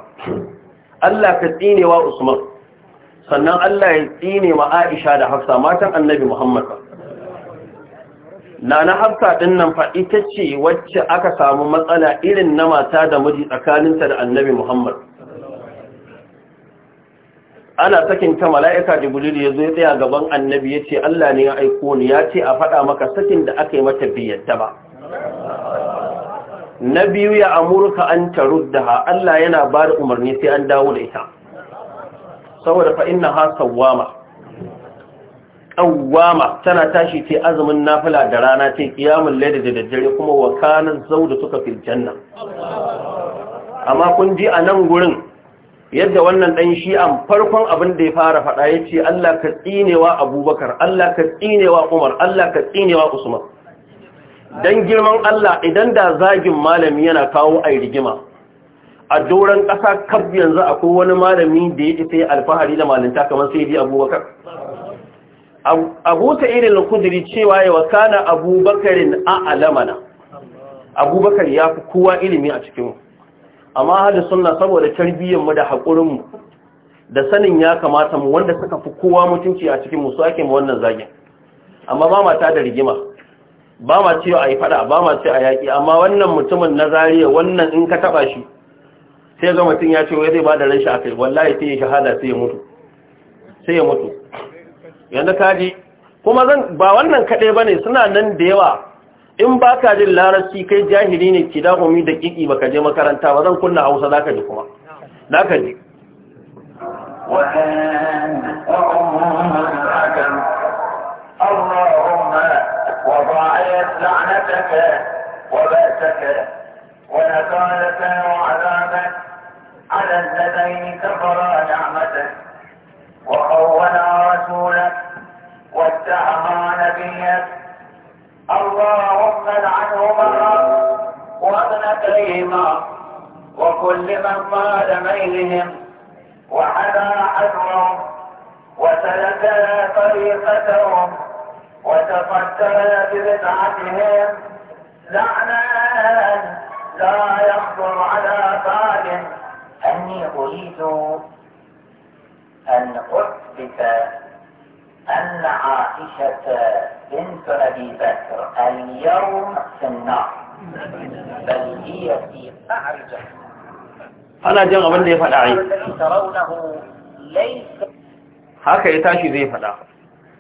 B: Allah ka tsinewa usman sannan Allah ya tsine wa aisha da hafsa matan annabi muhammad na na hafsa ɗin nan fa ita ce wacce aka samu matsala irin na mata da miji tsakaninta da annabi muhammad ana sakin ta mala'ika jibril ya zo ya tsaya gaban annabi ya ce Allah ne ya aiko ni ya ce a faɗa maka sakin da aka yi mata biyatta ba na biyu ya amurka an ha Allah yana ba da umarni sai an dawo da ita saboda fa inna ha sawwama qawwama tana tashi ce azumin nafila da rana ce ƙiyamun laida da daddare kuma wa kana zawda suka fil janna amma kun ji a nan gurin yadda wannan ɗan shi'an farkon abin da ya fara faɗa ya ce Allah ka tsinewa abubakar Allah ka tsinewa umar Allah ka tsinewa usman don girman Allah idan da zagin malami yana kawo a rigima a doron ƙasa kaf yanzu akwai wani malami da ya ita alfahari da malinta kamar sai bi abubakar abu ta irin kudiri cewa yawa kana abubakarin a alamana abubakar ya fi kowa ilimi a cikinmu amma hada sunna saboda tarbiyyar mu da hakurin mu da sanin ya kamata mu wanda suka fi kowa mutunci a cikin musu ake mu wannan zagin amma ba ma ta da rigima ba ma ce a yi fada ba ma ce a yaƙi amma wannan mutumin na zariya wannan in ka taɓa shi sai ga mutum ya ce wai zai ba da ran shi a kai wallahi sai ya shahada sai ya mutu sai ya mutu yanda kaji kuma zan ba wannan kaɗai bane ne suna nan da yawa in ba ka jin larabci kai jahili ne ki dahumi da kiki ba ka je makaranta ba zan kunna hausa za ka ji kuma za ka ji
E: اللهم رسولك واتهما نبيك اللهم العنهما وابنتيهما وكل من مال ميلهم وحدا حذرهم وسلك طريقتهم وتفكر ببدعتهم لعنا لا يخطر على بال اني اريد ان اثبت أن عائشة بنت أبي بكر اليوم في النار بل هي في قعر جهنم
B: أنا جن abin da ya faɗa ai haka ya tashi zai faɗa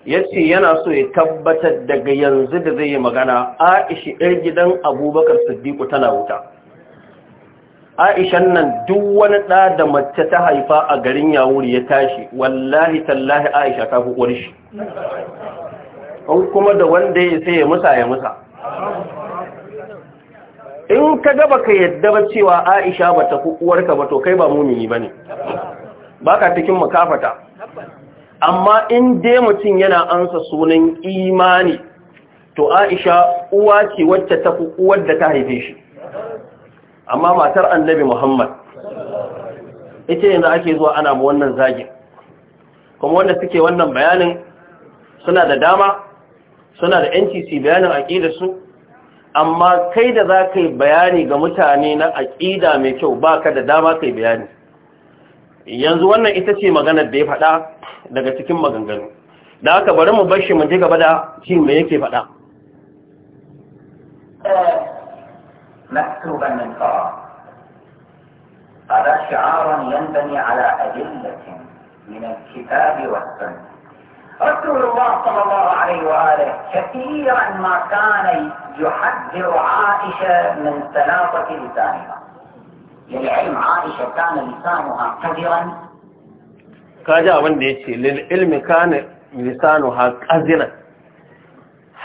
B: yace yana so ya tabbatar daga yanzu da zai yi magana Aisha ɗar gidan Abubakar Siddiq tana wuta aishan nan duk wani ɗa da mace ta haifa a garin yawuri ya tashi wallahi tallahi aisha ta kukwar shi kuma da wanda ya sai ya musa ya musa in ka gaba ka yadda ba cewa aisha ba ta uwarka ba to kai ba mumini ba ne ba cikin makafata amma in dai mutum yana ansa sunan imani to aisha uwa ce wacce ta uwar da ta haife shi amma matar annabi muhammad ita yanzu ake zuwa ana mu wannan zagi. kuma wanda suke wannan bayanin suna da dama suna da ncc bayanin aƙida su amma kai da za yi bayani ga mutane na aƙida mai kyau baka da dama kai bayani yanzu wannan ita ce maganar da ya faɗa daga cikin maganganu da aka bari mu bashi mun ji gaba da shin me yake faɗa
E: eh, مكتوبا من فراغ هذا شعار ينبني على أدلة من الكتاب والسنة رسول الله صلى الله عليه وآله كثيرا ما كان يحذر عائشة من سلاطة لسانها للعلم عائشة كان لسانها
B: قذرا كاجا وندي للعلم كان لسانها قذرا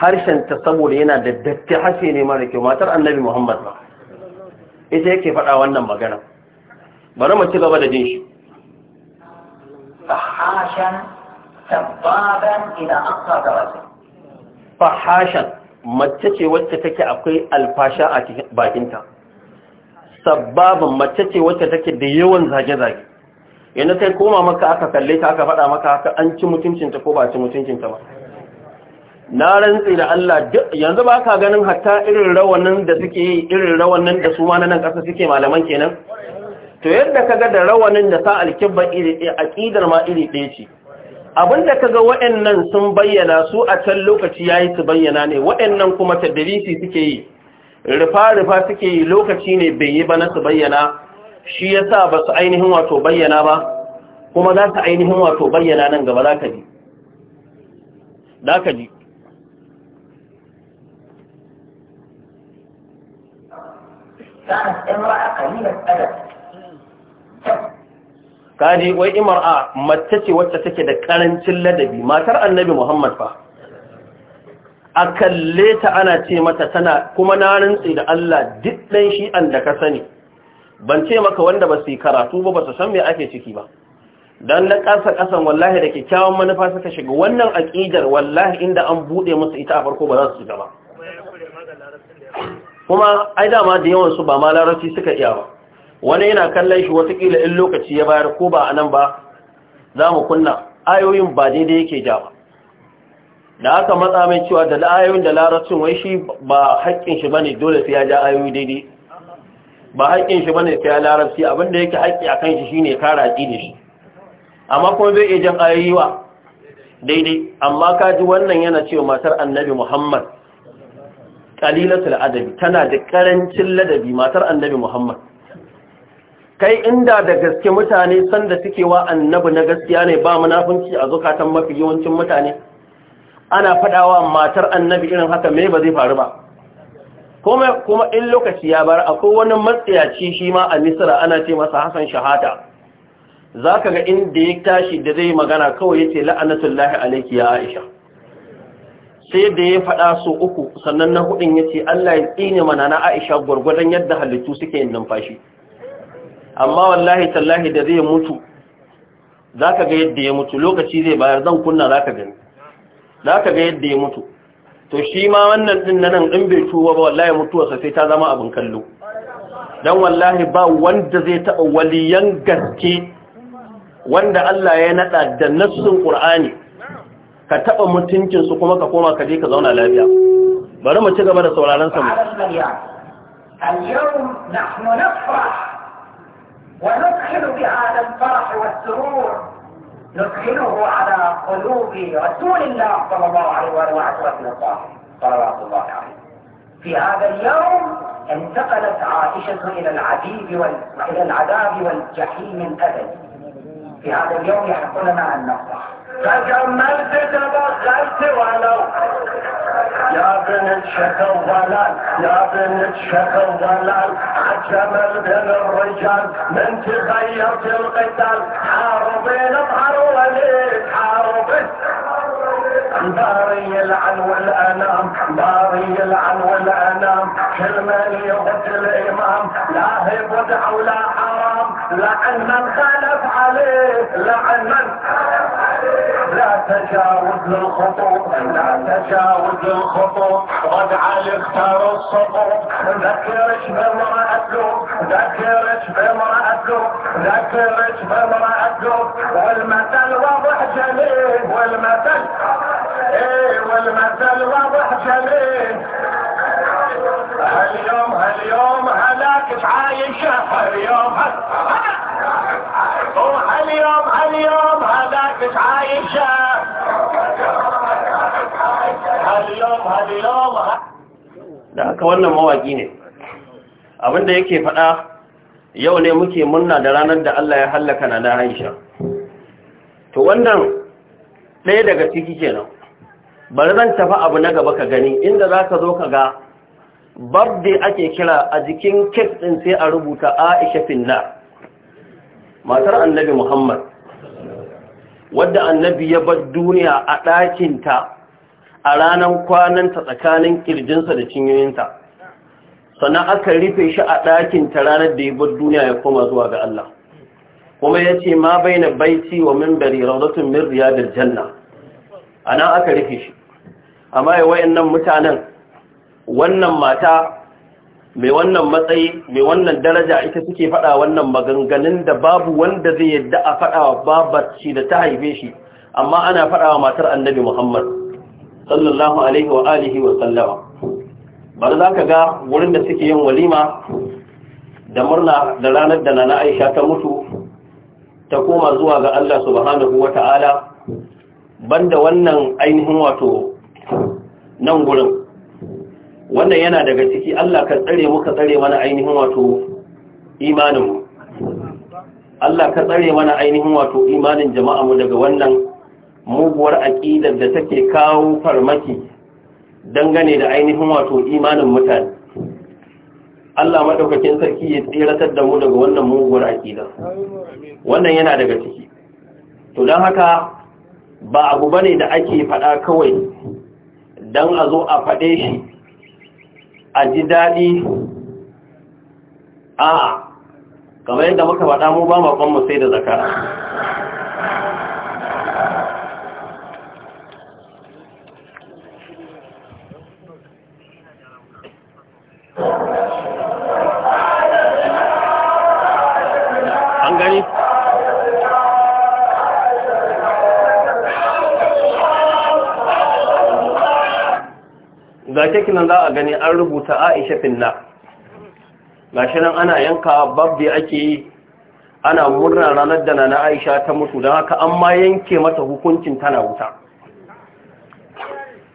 B: harshen ta saboda yana da datti hashe ne mara kyau matar annabi muhammad ba ita yake faɗa wannan magana bari mu ci gaba da jin shi
E: fahashan tabbaban ila
B: aqsa fahashan mace ce wacce take akwai alfasha a bakinta sabbabin mace ce wacce take da yawan zage-zage yana sai koma maka aka kalle ta aka faɗa maka haka an ci mutuncinta ko ba ci mutuncinta ba na rantsi da Allah yanzu ba ka ganin hatta irin rawanin da suke yi irin rawanin da su ma nan ƙasa suke malaman kenan to yadda ka ga da rawanin da sa alkibba iri ɗaya eh, a ƙidar ma iri ɗaya ce abinda ga waɗannan sun bayyana su a can lokaci ya yi su bayyana ne waɗannan kuma tadrisi suke yi rufa rufa suke yi lokaci ne bai yi ba na su bayyana shi ya sa ba su ainihin wato bayyana ba kuma za su ainihin wato bayyana nan gaba za ka ji كانت امرأة قليلة kaji wai imar'a mace ce wacce take da karancin ladabi matar annabi Muhammad fa a kalle ta ana ce mata tana kuma na rantsi da Allah duk dan shi an da ka sani ban ce maka wanda ba su karatu ba ba su san me ake ciki ba dan na kasa kasan wallahi da kyakkyawan manufa suka shiga wannan aqidar wallahi inda an bude musu ita a farko ba za su shiga ba kuma ai dama da yawan su ba ma larabci suka iya ba wani yana kallon shi watakila in lokaci ya bayar ko ba a nan ba za mu kunna ayoyin ba daidai yake ja ba da aka matsa mai cewa da ayoyin da larabcin wai shi ba haƙƙin shi bane dole sai ya ja ayoyi daidai ba haƙƙin shi bane sai ya larabci abinda yake haƙƙi a kan shi shine kara da shi amma kuma bai iya jan ayoyi wa daidai amma ka ji wannan yana cewa matar annabi muhammad kalilatul adabi tana da karancin ladabi matar annabi Muhammad kai inda da gaske mutane sanda suke wa annabi na gaskiya ne ba munafunci a zukatan mafi yawancin mutane ana fadawa matar annabi irin haka me ba zai faru ba kuma kuma in lokaci ya bar akwai wani matsayaci shi ma a Misra ana ce masa Hassan shahada zaka ga inda ya tashi da zai magana kawai yace la'anatullahi alayki ya Aisha sai da ya faɗa so uku sannan na hudun ya ce Allah ya tsine mana na Aisha gwargwadon yadda halittu suke yin numfashi amma wallahi tallahi da zai mutu zaka ga yadda ya mutu lokaci zai bayar zan kunna zaka gani zaka ga yadda ya mutu to shi ma wannan din nan din bai tuwa ba wallahi mutuwarsa sai ta zama abin kallo dan wallahi ba wanda zai taɓa waliyan gaske wanda Allah ya naɗa da nassin Qur'ani ka taba mutuncin su kuma ka koma ka je ka zauna lafiya bari mu ci gaba da sauraron sa
E: mu في هذا اليوم انتقلت عائشة إلى العذاب إلى العذاب والجحيم الأبدي في هذا اليوم يحق لنا أن نفرح تجملت تبخلت ولو يا بنت شكل ضلال يا عجمل بين الرجال من تغيرت القتال حاربين اظهر وليل داري يلعن والانام داري يلعن والانام كلمه يغت الامام لا هب ودع ولا حرام لعن من خالف عليه لعن من لا تجاوز الخطوط لا تجاوز الخطوط على اختار الصفوف ذكرش بامرأة ذكرش بامرأة ذكرش بامرأة والمثل واضح جليل والمثل
B: da haka wannan mawaki ne abinda yake faɗa yau ne muke murna da ranar da Allah ya hallaka na na Aisha to wannan ɗaya daga ciki kenan bari zan tafi abu na gaba ka gani inda za ka zo ka ga babbe ake kira a jikin kek ɗin sai a rubuta aisha finna matar annabi muhammad wadda annabi ya bar duniya a ɗakinta a ranar kwananta tsakanin ƙirjinsa da cinyoyinta sannan aka rufe shi a ɗakinta ranar da ya bar duniya ya koma zuwa ga Allah kuma ya ce ma bai na baiti wa mimbari raudatun mirriya da janna a nan aka rufe shi amma ya wayannan mutanen wannan mata mai wannan matsayi mai wannan daraja ita suke faɗa wannan maganganun da babu wanda zai yadda a faɗa babar shi da ta haife shi amma ana faɗawa wa matar annabi Muhammad sallallahu alaihi wa alihi wa sallama bari za ka ga wurin da suke yin walima da murna da ranar da nana Aisha ta mutu ta koma zuwa ga Allah subhanahu wa ta'ala banda wannan ainihin wato nan gurin wannan yana daga ciki Allah ka tsare mu ka tsare mana ainihin wato imaninmu Allah ka tsare mana ainihin wato imanin mu daga wannan muguwar aƙidar da take kawo farmaki dangane da ainihin wato imanin mutane Allah maɗaukakin sarki ya tseratar da mu daga wannan muguwar aƙidar wannan yana daga ciki to don haka ba abu bane da ake faɗa kawai don a zo a faɗe shi a ji daɗi a kamar yadda muka faɗa mu ba mu sai da zakara nan za a gani an rubuta aisha finna gashi nan ana yanka babbi ake yi ana murna ranar da na aisha ta mutu don haka an ma yanke mata hukuncin tana wuta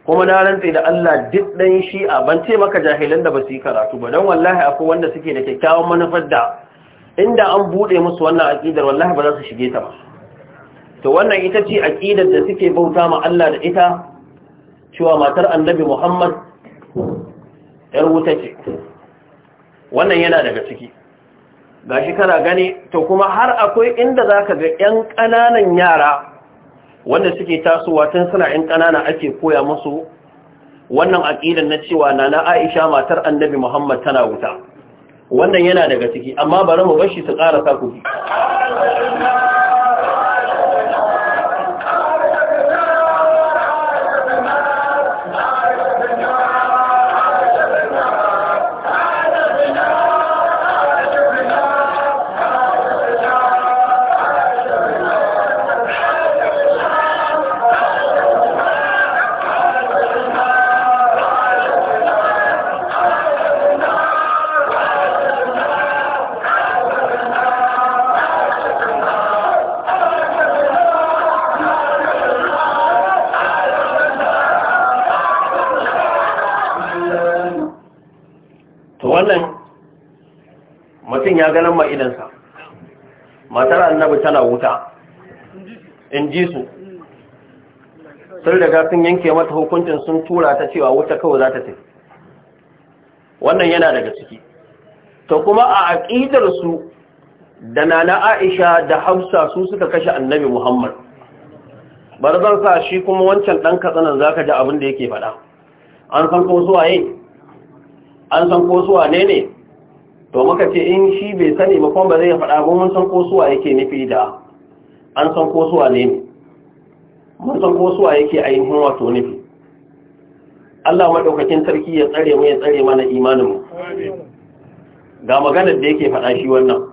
B: kuma na rantse da Allah duk ɗan shi'a ban ce maka jahilan da ba su yi karatu ba don wallahi akwai wanda suke da kyakkyawan manufar da inda an buɗe musu wannan aƙidar wallahi ba za su shige ta ba to wannan ita ce aƙidar da suke bauta ma Allah da ita cewa matar annabi Muhammad yar wuta ce wannan yana daga ciki gashi kana gani to kuma har akwai inda za ka ga yan ƙananan yara wanda suke tasowa tun suna yan ƙanana ake koya musu wannan aqidan na cewa na na Aisha matar Annabi Muhammad tana wuta wannan yana daga ciki amma bari mu bar shi su ƙara sa ya ganin ma idansa matar annabi tana wuta in ji su sun daga sun yanke mata hukuncin sun tura ta cewa wuta kawai za ta tafi wannan yana daga ciki ta kuma a aƙidarsu da nana aisha da hafsa su suka kashe annabi muhammad bar zan sa shi kuma wancan ɗan katsanan za ka ji abin da yake faɗa an san ko an san ko zuwa ne ne to muka ce in shi bai sani ba kuma ba zai faɗa ba mun san ko suwa yake nufi da an san ko suwa ne mun san ko suwa yake ainihin wato nufi Allah madaukakin sarki ya tsare mu ya tsare mana imanin mu ga maganar da yake faɗa shi wannan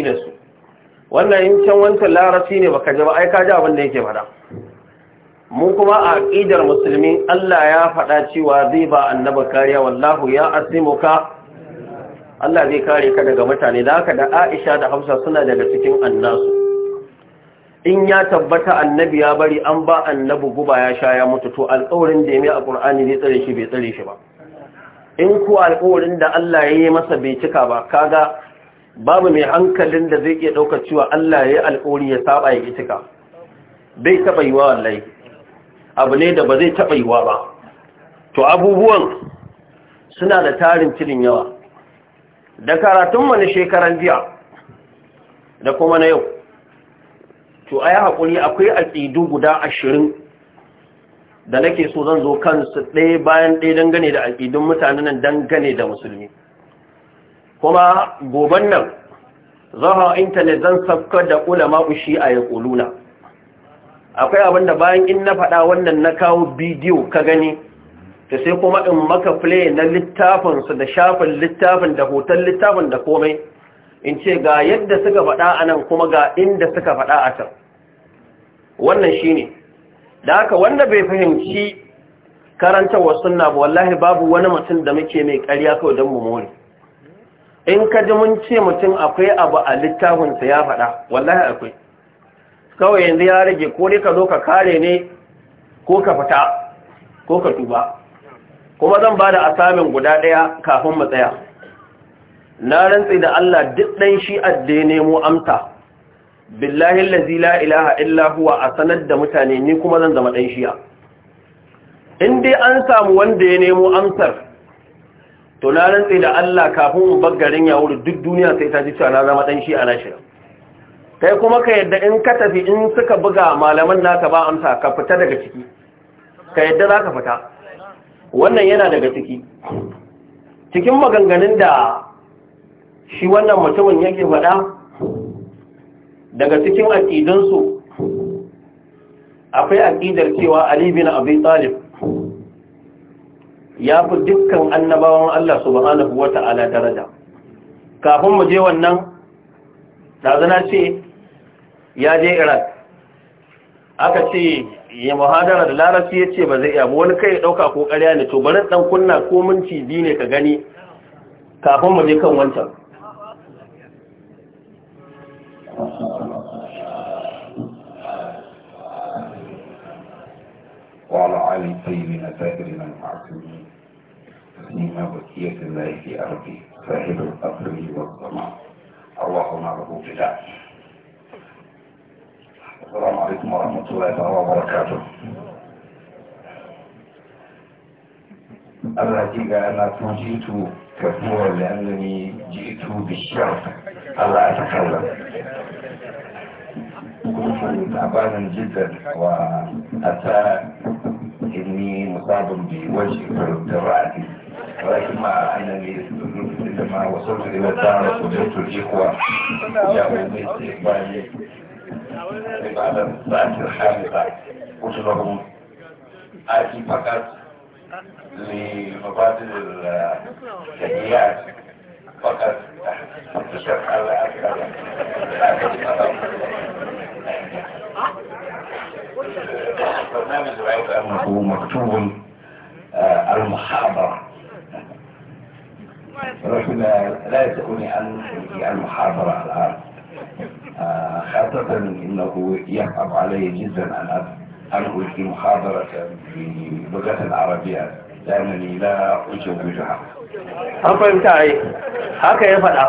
B: da su wannan in can wancan Larasi ne baka ji ba ai ka ji abin da yake faɗa mu kuma a aqidar musulmi Allah ya faɗa cewa zai ba annaba kariya wallahu ya asimuka Allah zai kare ka daga mutane da haka da Aisha da Hafsa suna daga cikin annasu in ya tabbata annabi ya bari an ba annabi guba ya sha ya mutu to alƙawarin da ya mai a Qur'ani zai tsare shi bai tsare shi ba in ku alƙawarin da Allah ya yi masa bai cika ba kaga babu mai hankalin da zai iya ɗaukar cewa Allah ya yi alƙori ya saba ya itika. bai taɓa yi wa wallahi abu ne da ba zai taɓa yi wa ba to abubuwan suna da tarin cilin yawa da mu na shekaran jiya da kuma na yau to a yi haƙuri akwai aƙidu guda ashirin da nake so zan zo kansu ɗaya bayan ɗaya dangane da aƙidun mutanen nan dangane da musulmi kuma goban nan zaha intanet zan sabkar da ulama shi'a a yankuluna. akwai abinda bayan in na faɗa wannan na kawo bidiyo ka gani ta sai kuma in maka fule na littafinsu da shafin littafin da hoton littafin da komai in ce ga yadda suka faɗa a nan kuma ga inda suka faɗa a can wannan shi ne da haka wanda bai fahimci wasu suna wallahi babu wani mutum da muke mai karya kawai don mu more in ka ji mun ce mutum akwai abu a littafinsa ya faɗa wallahi akwai kawai yanzu ya rage ko dai ka zo ka kare ne ko ka fita ko ka tuba kuma zan ba da asamin guda ɗaya kafin mu tsaya na rantsi da Allah duk ɗan shi adde ya nemo amsa billahi lazi la ilaha illa huwa a sanar da mutane ni kuma zan zama ɗan shi'a in dai an samu wanda ya nemo amsar to na rantse da Allah kafin in bar garin ya wuri duk duniya sai ta ji cewa na zama dan shi a nashi kai kuma ka yadda in ka tafi in suka buga malaman naka ba amsa ka fita daga ciki ka yadda za ka fita wannan yana daga ciki cikin maganganun da shi wannan mutumin yake faɗa daga cikin aƙidansu akwai aƙidar cewa Ali bin Abi Talib ya fi dukkan annabawan Allah subhanahu wa ta'ala daraja kafin mu je wannan ɗazana ce ya je iraq aka ce ya muhadara da ya ce ba zai yabu wani kai ɗauka ko karya ne to bari ɗan kunna ko minti bi ne ka gani kafin mu je kan wancan وعلى da طيبين سائرين المعصومين ابني بقية الله
D: في ارضي صاحب القبر والظلام اللهم اعرف بلا السلام عليكم ورحمة الله وبركاته الحقيقة أنا فوجئت كثيرا لأنني جئت بالشرف ألا أتكلم كنت تعبانا جدا وأتى إني مصاب بوجه في الذراع ولكن مع عندما وصلت إلى الدار وجدت الإخوة يوم استقبالي بعد الساعة الخامسة قلت لهم آتي فقط لمبادر السيئات فقط تشرح على أكثر برنامج رأيت أنه مكتوب آه، المحاضرة الرجل لا يسألني أن المحاضرة الآن آه، خاصة أنه يصعب علي جدا أن ألقي محاضرة لغة العربية لأنني لا أجوزها
B: an fahimta ai haka ya faɗa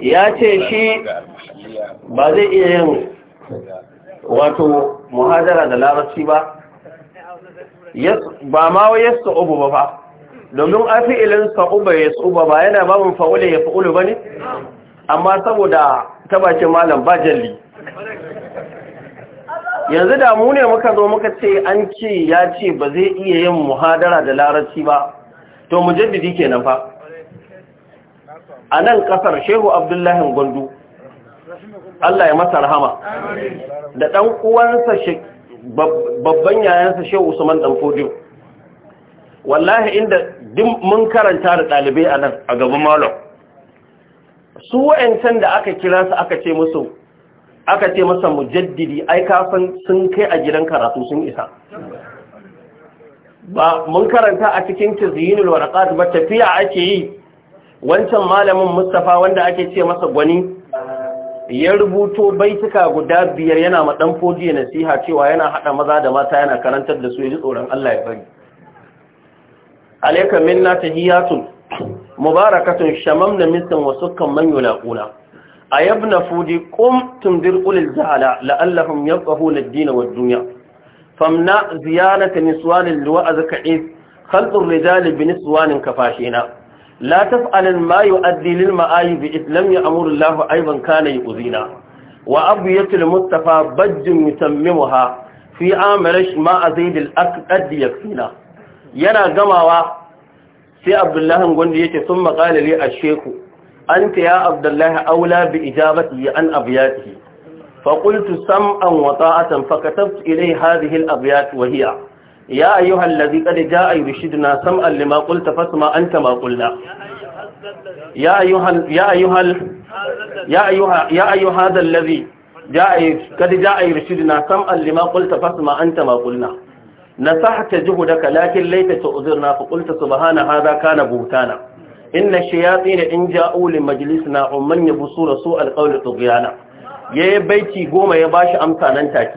B: ya ce shi ba zai iya yin wato muhadara da larabci ba domin a fi'ilin sa'uba ya tsuba ba yana babin Fa'ule ya fa'ulu ba ne amma saboda ta bakin malam ba jalli yanzu da mu ne muka zo muka ce an ce ya ce ba zai iya yin muhadara da larabci ba to mujaddidi kenan fa a nan kasar shehu abdullahi gwandu Allah ya masa rahama da ɗan uwansa babban yayansa shehu usman ɗanfodiyo wallahi inda duk mun karanta da ɗalibai a nan a gaban malam su wa'ancan da aka kira su aka ce musu aka ce masa mujaddidi ai kafin sun kai a gidan karatu sun isa ba mun karanta a cikin tazyinul warqat ba tafiya ake yi wancan malamin Mustafa wanda ake ce masa gwani ya rubuto baituka guda biyar yana ma dan nasiha cewa yana hada maza da mata yana karantar da su yaji tsoron Allah ya bari alayka minna tahiyatun mubarakatun shamamna minkum wa sukkan man yulaquna ayabna fudi qum tundir ulil jahala la'allahum yafqahuna ad-din wa ad-dunya famna ziyanata niswan al-wa'azaka خلط الرجال بنسوان كفاشينا لا تفعل ما يؤدي للمآيب إذ لم يأمر الله أيضا كان يؤذينا وأبية المصطفى بج يتممها في عام رش ما أزيد الأكد يكفينا yana gamawa sai abdullahi gwanda yake sun makalali a sheku an ta ya abdullahi aula bi ijabati an abiyati faƙultu sam'an wa fakatabtu ilai ya ayyuha allazi qad jaa'a yurshiduna sam'an lima qulta fasma anta ma qulna ya ayyuha ya ayyuha ya ayyuha ya ayyuha hadha sam'an lima qulta fasma anta nasahta juhudaka lakin laita tu'zirna fa qulta subhana hadha kana buhtana inna shayatin in ja'u li majlisina umman yabsura su alqawl tughyana yayi baiti goma ya bashi amsa nan take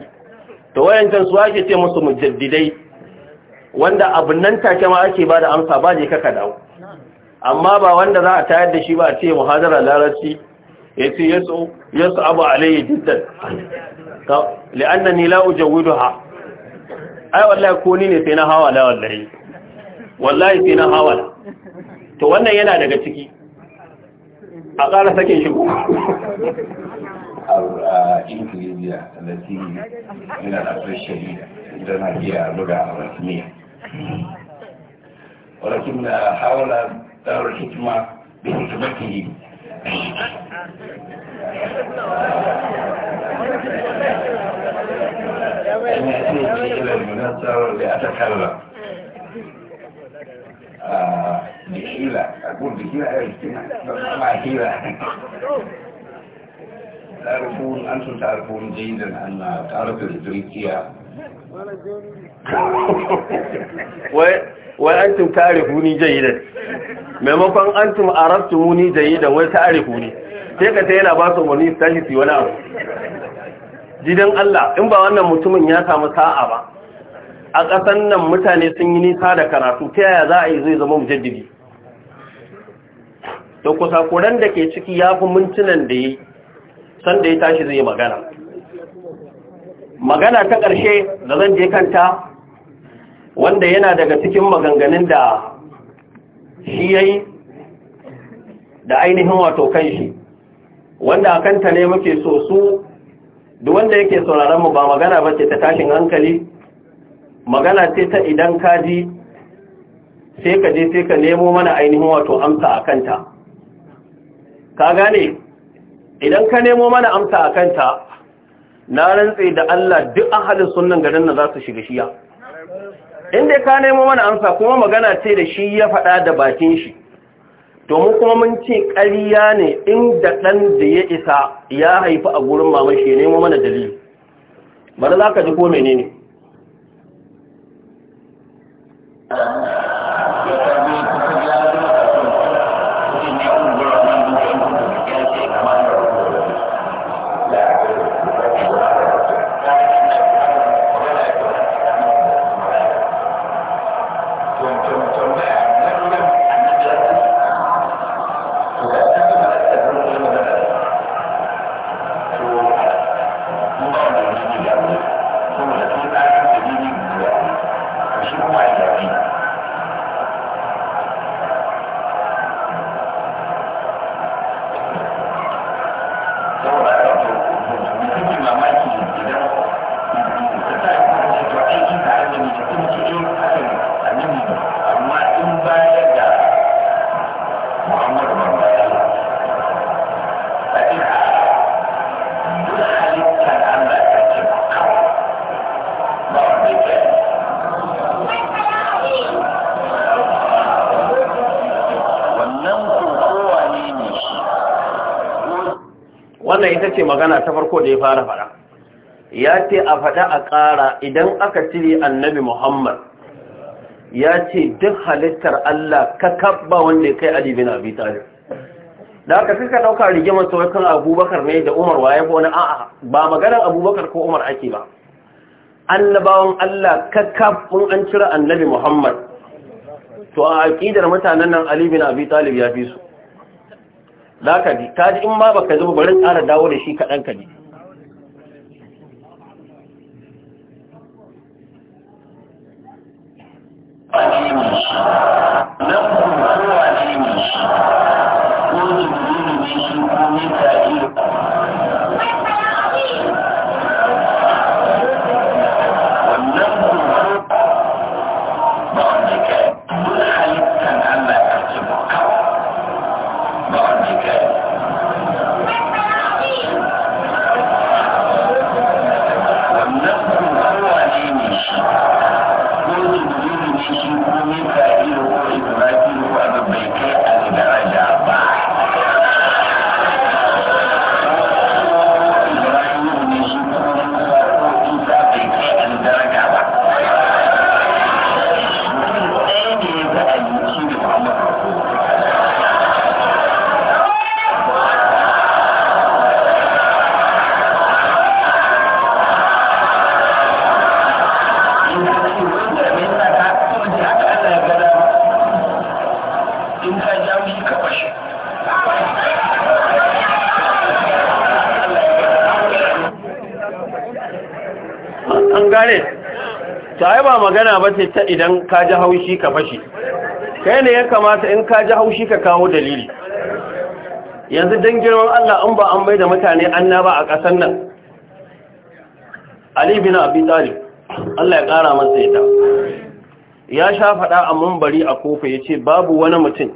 B: to wayancan su ake ce musu mujaddidai wanda abun nan take ma ake ba da amsa ba je kaka dawo amma ba wanda za a tayar da shi ba a ce muhadara larabci ya ce yasu abu alayhi jiddan la'annani la ujawwiduha ai wallahi ko ni ne sai na hawa la wallahi wallahi sai na hawa to wannan yana daga ciki a ƙara sakin shi
D: a ingiliya lati yana da fashin tana iya buga a rasmiya
C: أن يأتيك إلى المنصر
D: لأتكلم بحيلة أقول بحيلة An مع حيلة تعرفون أنتم تعرفون جيدا أن تعرف الإفريقية
B: wai antum tarifuni maimakon antum arabtumuni jayidan wai sai ka ta yana ba su umarni su tashi wani abu gidan Allah in ba wannan mutumin ya samu sa'a ba a ƙasan nan mutane sun yi nisa da karatu ta yaya za a yi zai zama mujaddidi da kusakuran da ke ciki ya fi mintunan da yi sanda ya tashi zai magana magana ta ƙarshe da zan je kanta wanda yana daga cikin maganganun da shi ya yi da ainihin wato kan shi wanda a kanta ne muke so su duk wanda yake sauraron mu ba magana ba ce ta tashin hankali magana ce ta idan ka ji sai ka je sai ka nemo mana ainihin wato amsa a kanta ka gane idan ka nemo mana amsa a kanta na rantse da Allah duk ahalin sunan garin nan za su shiga shiya inda ka nemo mana amsa kuma magana ce da shi ya faɗa da bakin shi domin kuma mun ce ƙariya ne inda ɗan da ya isa ya haifi a gurin mamashi nemo mana dalili bari za ka ji ko menene ne ce magana ta farko da ya fara faɗa ya ce a faɗa a ƙara idan aka cire annabi muhammad ya ce duk halittar allah ka kabba wanda ya kai ali bin abi talib da aka suka ɗauka rigimar saukan abubakar ne da umar waye ko wani a'a ba maganar abubakar ko umar ake ba annabawan allah ka kabbin an cire annabi muhammad to a aƙidar mutanen nan ali bin abi talib ya fi su za ka ji ta ji in ma baka zuba ba bari tsara dawo da shi kaɗan ka ji
C: Thank you.
B: magana ba ce ta idan ka ji haushi ka fashi kai ne ya kamata in ka ji haushi ka kawo dalili yanzu don girman Allah in ba an bai da mutane ba a ƙasar nan Ali bin Abi Talib Allah ya ƙara masa ita ya sha faɗa a mambari a kofa ya ce babu wani mutum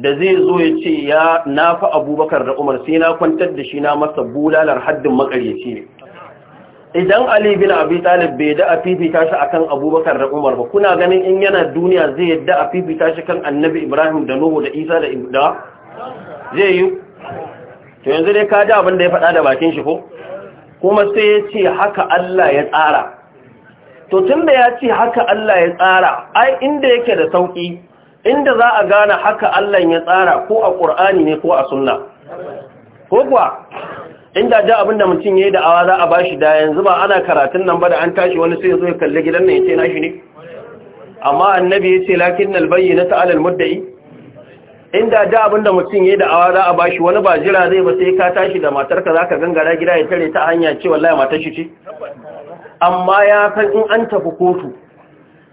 B: da zai zo ya ce ya nafi abubakar da umar sai na kwantar da shi na masa bulalar haddin makaryaci ne idan Ali bin Abi Talib bai da fifita shi akan Abubakar da Umar ba kuna ganin in yana duniya zai yadda a fifita shi kan Annabi Ibrahim da Nuhu da Isa da Ibda zai yi to yanzu dai ka ji abin da ya faɗa da bakin shi ko kuma sai ya ce haka Allah ya tsara to tunda ya ce haka Allah ya tsara ai inda yake da sauki inda za a gane haka Allah ya tsara ko a Qur'ani ne ko a Sunna ko kuwa inda da abin da mutum ya yi da'awa za a bashi da yanzu ba ana karatun nan ba da an tashi wani sai ya zo ya kalli gidan nan ya ce na shi ne amma annabi ya ce lakin nalbayi na ta'alal mudda'i inda da abin da mutum ya yi da'awa za a bashi wani ba jira zai ba sai ka tashi da matarka za ka gangara gida ya tare ta hanya ce wallahi matar shi ce amma ya san in an tafi kotu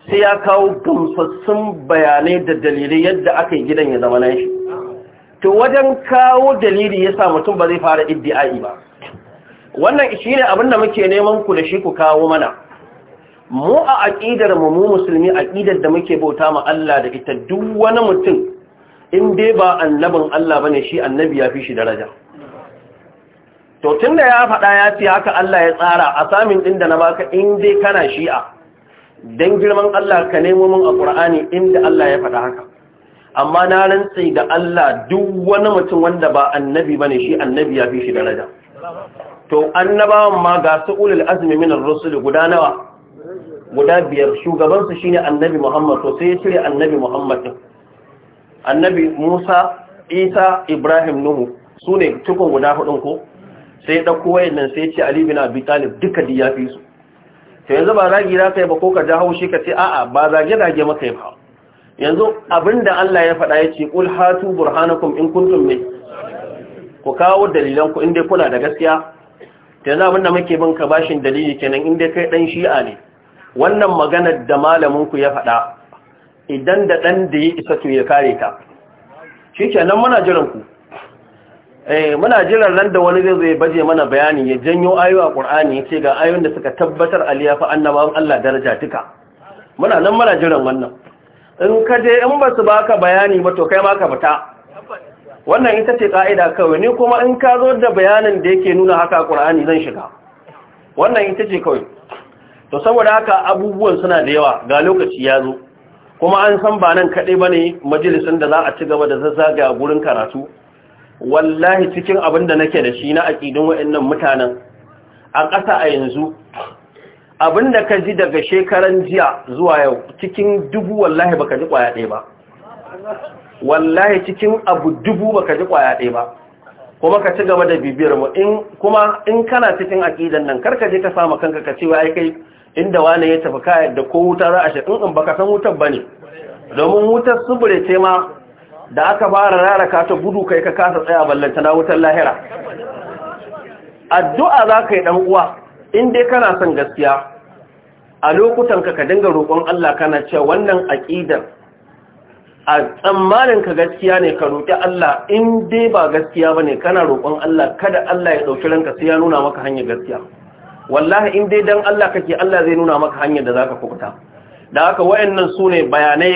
B: sai ya kawo gamsassun bayanai da dalilai yadda aka yi gidan ya zama na shi. to wajen kawo dalili ya sa mutum ba zai fara iddi'ai ba wannan shine abin da muke neman ku da shi ku kawo mana mu a aƙidar mu mu musulmi aƙidar da muke bauta ma Allah da ita duk wani mutum in dai ba annabin Allah bane shi annabi ya fi shi daraja to tun da ya faɗa ya ce haka Allah ya tsara a samin ɗin da na baka in dai kana shi'a don girman Allah ka nemo min a Ƙur'ani inda Allah ya faɗa haka amma na rantse da Allah duk wani mutum wanda ba annabi bane shi annabi ya fi shi daraja to annabawan ma ga ulul azmi min ar-rusul guda nawa guda biyar shugaban su shine annabi Muhammad to sai ya cire annabi Muhammad annabi Musa Isa Ibrahim Nuhu sune tukun guda hudun ko sai ya dauko wayannan sai ya ce Ali bin Abi Talib duka fi su to yanzu ba zagi za ka yi ba ko ka ja haushi ka ce a'a ba zage zage maka yi ba yanzu abinda Allah ya faɗa ya ce ƙul hatu burhanakum in kuntum ne ku kawo dalilan ku inda kuna da gaskiya da na abinda muke bin ka bashin dalili kenan inda kai ɗan shi'a ne wannan maganar da malaminku ya faɗa idan da ɗan da ya isa to ya kare ta shi kenan muna jiran ku eh, muna jiran nan da wani zai zai baje mana bayani ya janyo ayoyi a ƙur'ani ya ce ga ayoyin da suka tabbatar aliyafa annabawan Allah daraja tuka muna nan muna jiran wannan in ka je in ba su baka bayani ba to kai ma ka fita wannan ita ce ka'ida kawai ni kuma in ka zo da bayanin da yake nuna haka Qur'ani zan shiga wannan ita ce kawai to saboda haka abubuwan suna da yawa ga lokaci ya zo kuma an san ba nan kaɗai ba ne majalisun da za a ci gaba da zazzaga a gurin karatu wallahi cikin abin da nake da shi na aƙidin waɗannan mutanen a ƙasa a yanzu Abin da ka ji daga shekaran jiya zuwa yau cikin dubu wallahi baka ji kwaya ɗaya ba wallahi cikin abu dubu baka ji kwaya ɗaya ba kuma ka ci gaba da bibiyar mu in kuma in kana cikin aqidan nan karka je ka samu kanka ka ce wai kai inda wani ya tafi kaya da ko wuta za a shi in in baka san wutar bane domin wutar subure ce ma da aka fara raraka ta gudu kai ka kasa tsaya ballanta na wutar lahira addu'a za ka yi dan uwa in dai kana son gaskiya a lokutan ka ka dinga roƙon Allah kana cewa wannan aqidar a tsammanin ka gaskiya ne ka roƙi Allah in dai ba gaskiya bane kana roƙon Allah kada Allah ya dauki ranka sai ya nuna maka hanyar gaskiya wallahi in dai dan Allah kake Allah zai nuna maka hanyar da zaka kubuta da haka wayannan sune bayanai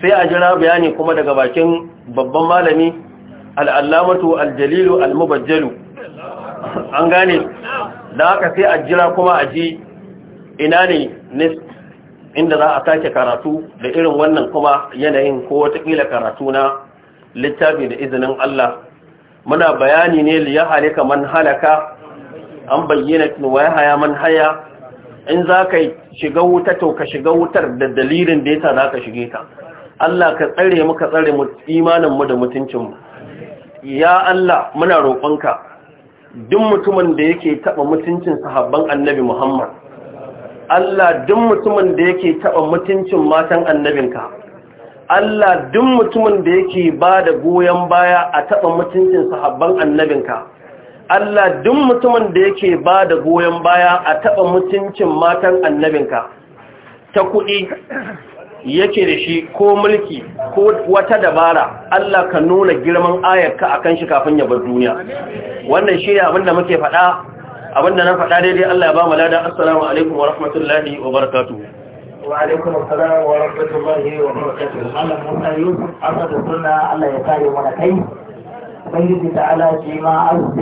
B: sai a jira bayani kuma daga bakin babban malami al-allamatu al-jalilu al-mubajjalu an gane Da haka sai a jira kuma a ji ina ne inda za a sake karatu da irin wannan kuma yanayin ko watakila karatu na littafi da izinin Allah muna bayani ne liya halika man halaka an bayyana wa haya man haya in za ka shiga wuta to ka shiga wutar da dalilin da yasa za ka shige ta Allah ka tsare mu ka tsare mu imaninmu da mu. ya Allah muna roƙonka duk mutumin da yake taba mutuncin sahabban annabi Muhammad Allah duk mutumin da yake taba mutuncin matan annabinka Allah duk mutumin da yake da goyen baya a taba mutuncin sahabban annabinka Allah duk mutumin da yake da goyen baya a taba mutuncin matan annabinka ta kuɗi yake da shi ko mulki ko wata dabara Allah ka nuna girman ayarka akan shi kafin ya bar duniya wannan shi ne abinda muke faɗa abinda na faɗa daidai Allah ya ba mu ladan assalamu alaikum wa rahmatullahi wa barakatuh
A: wa alaikum assalam wa rahmatullahi wa barakatuh Allah Musa yau, asa da sunna Allah ya kare mana kai ubangiji ta ala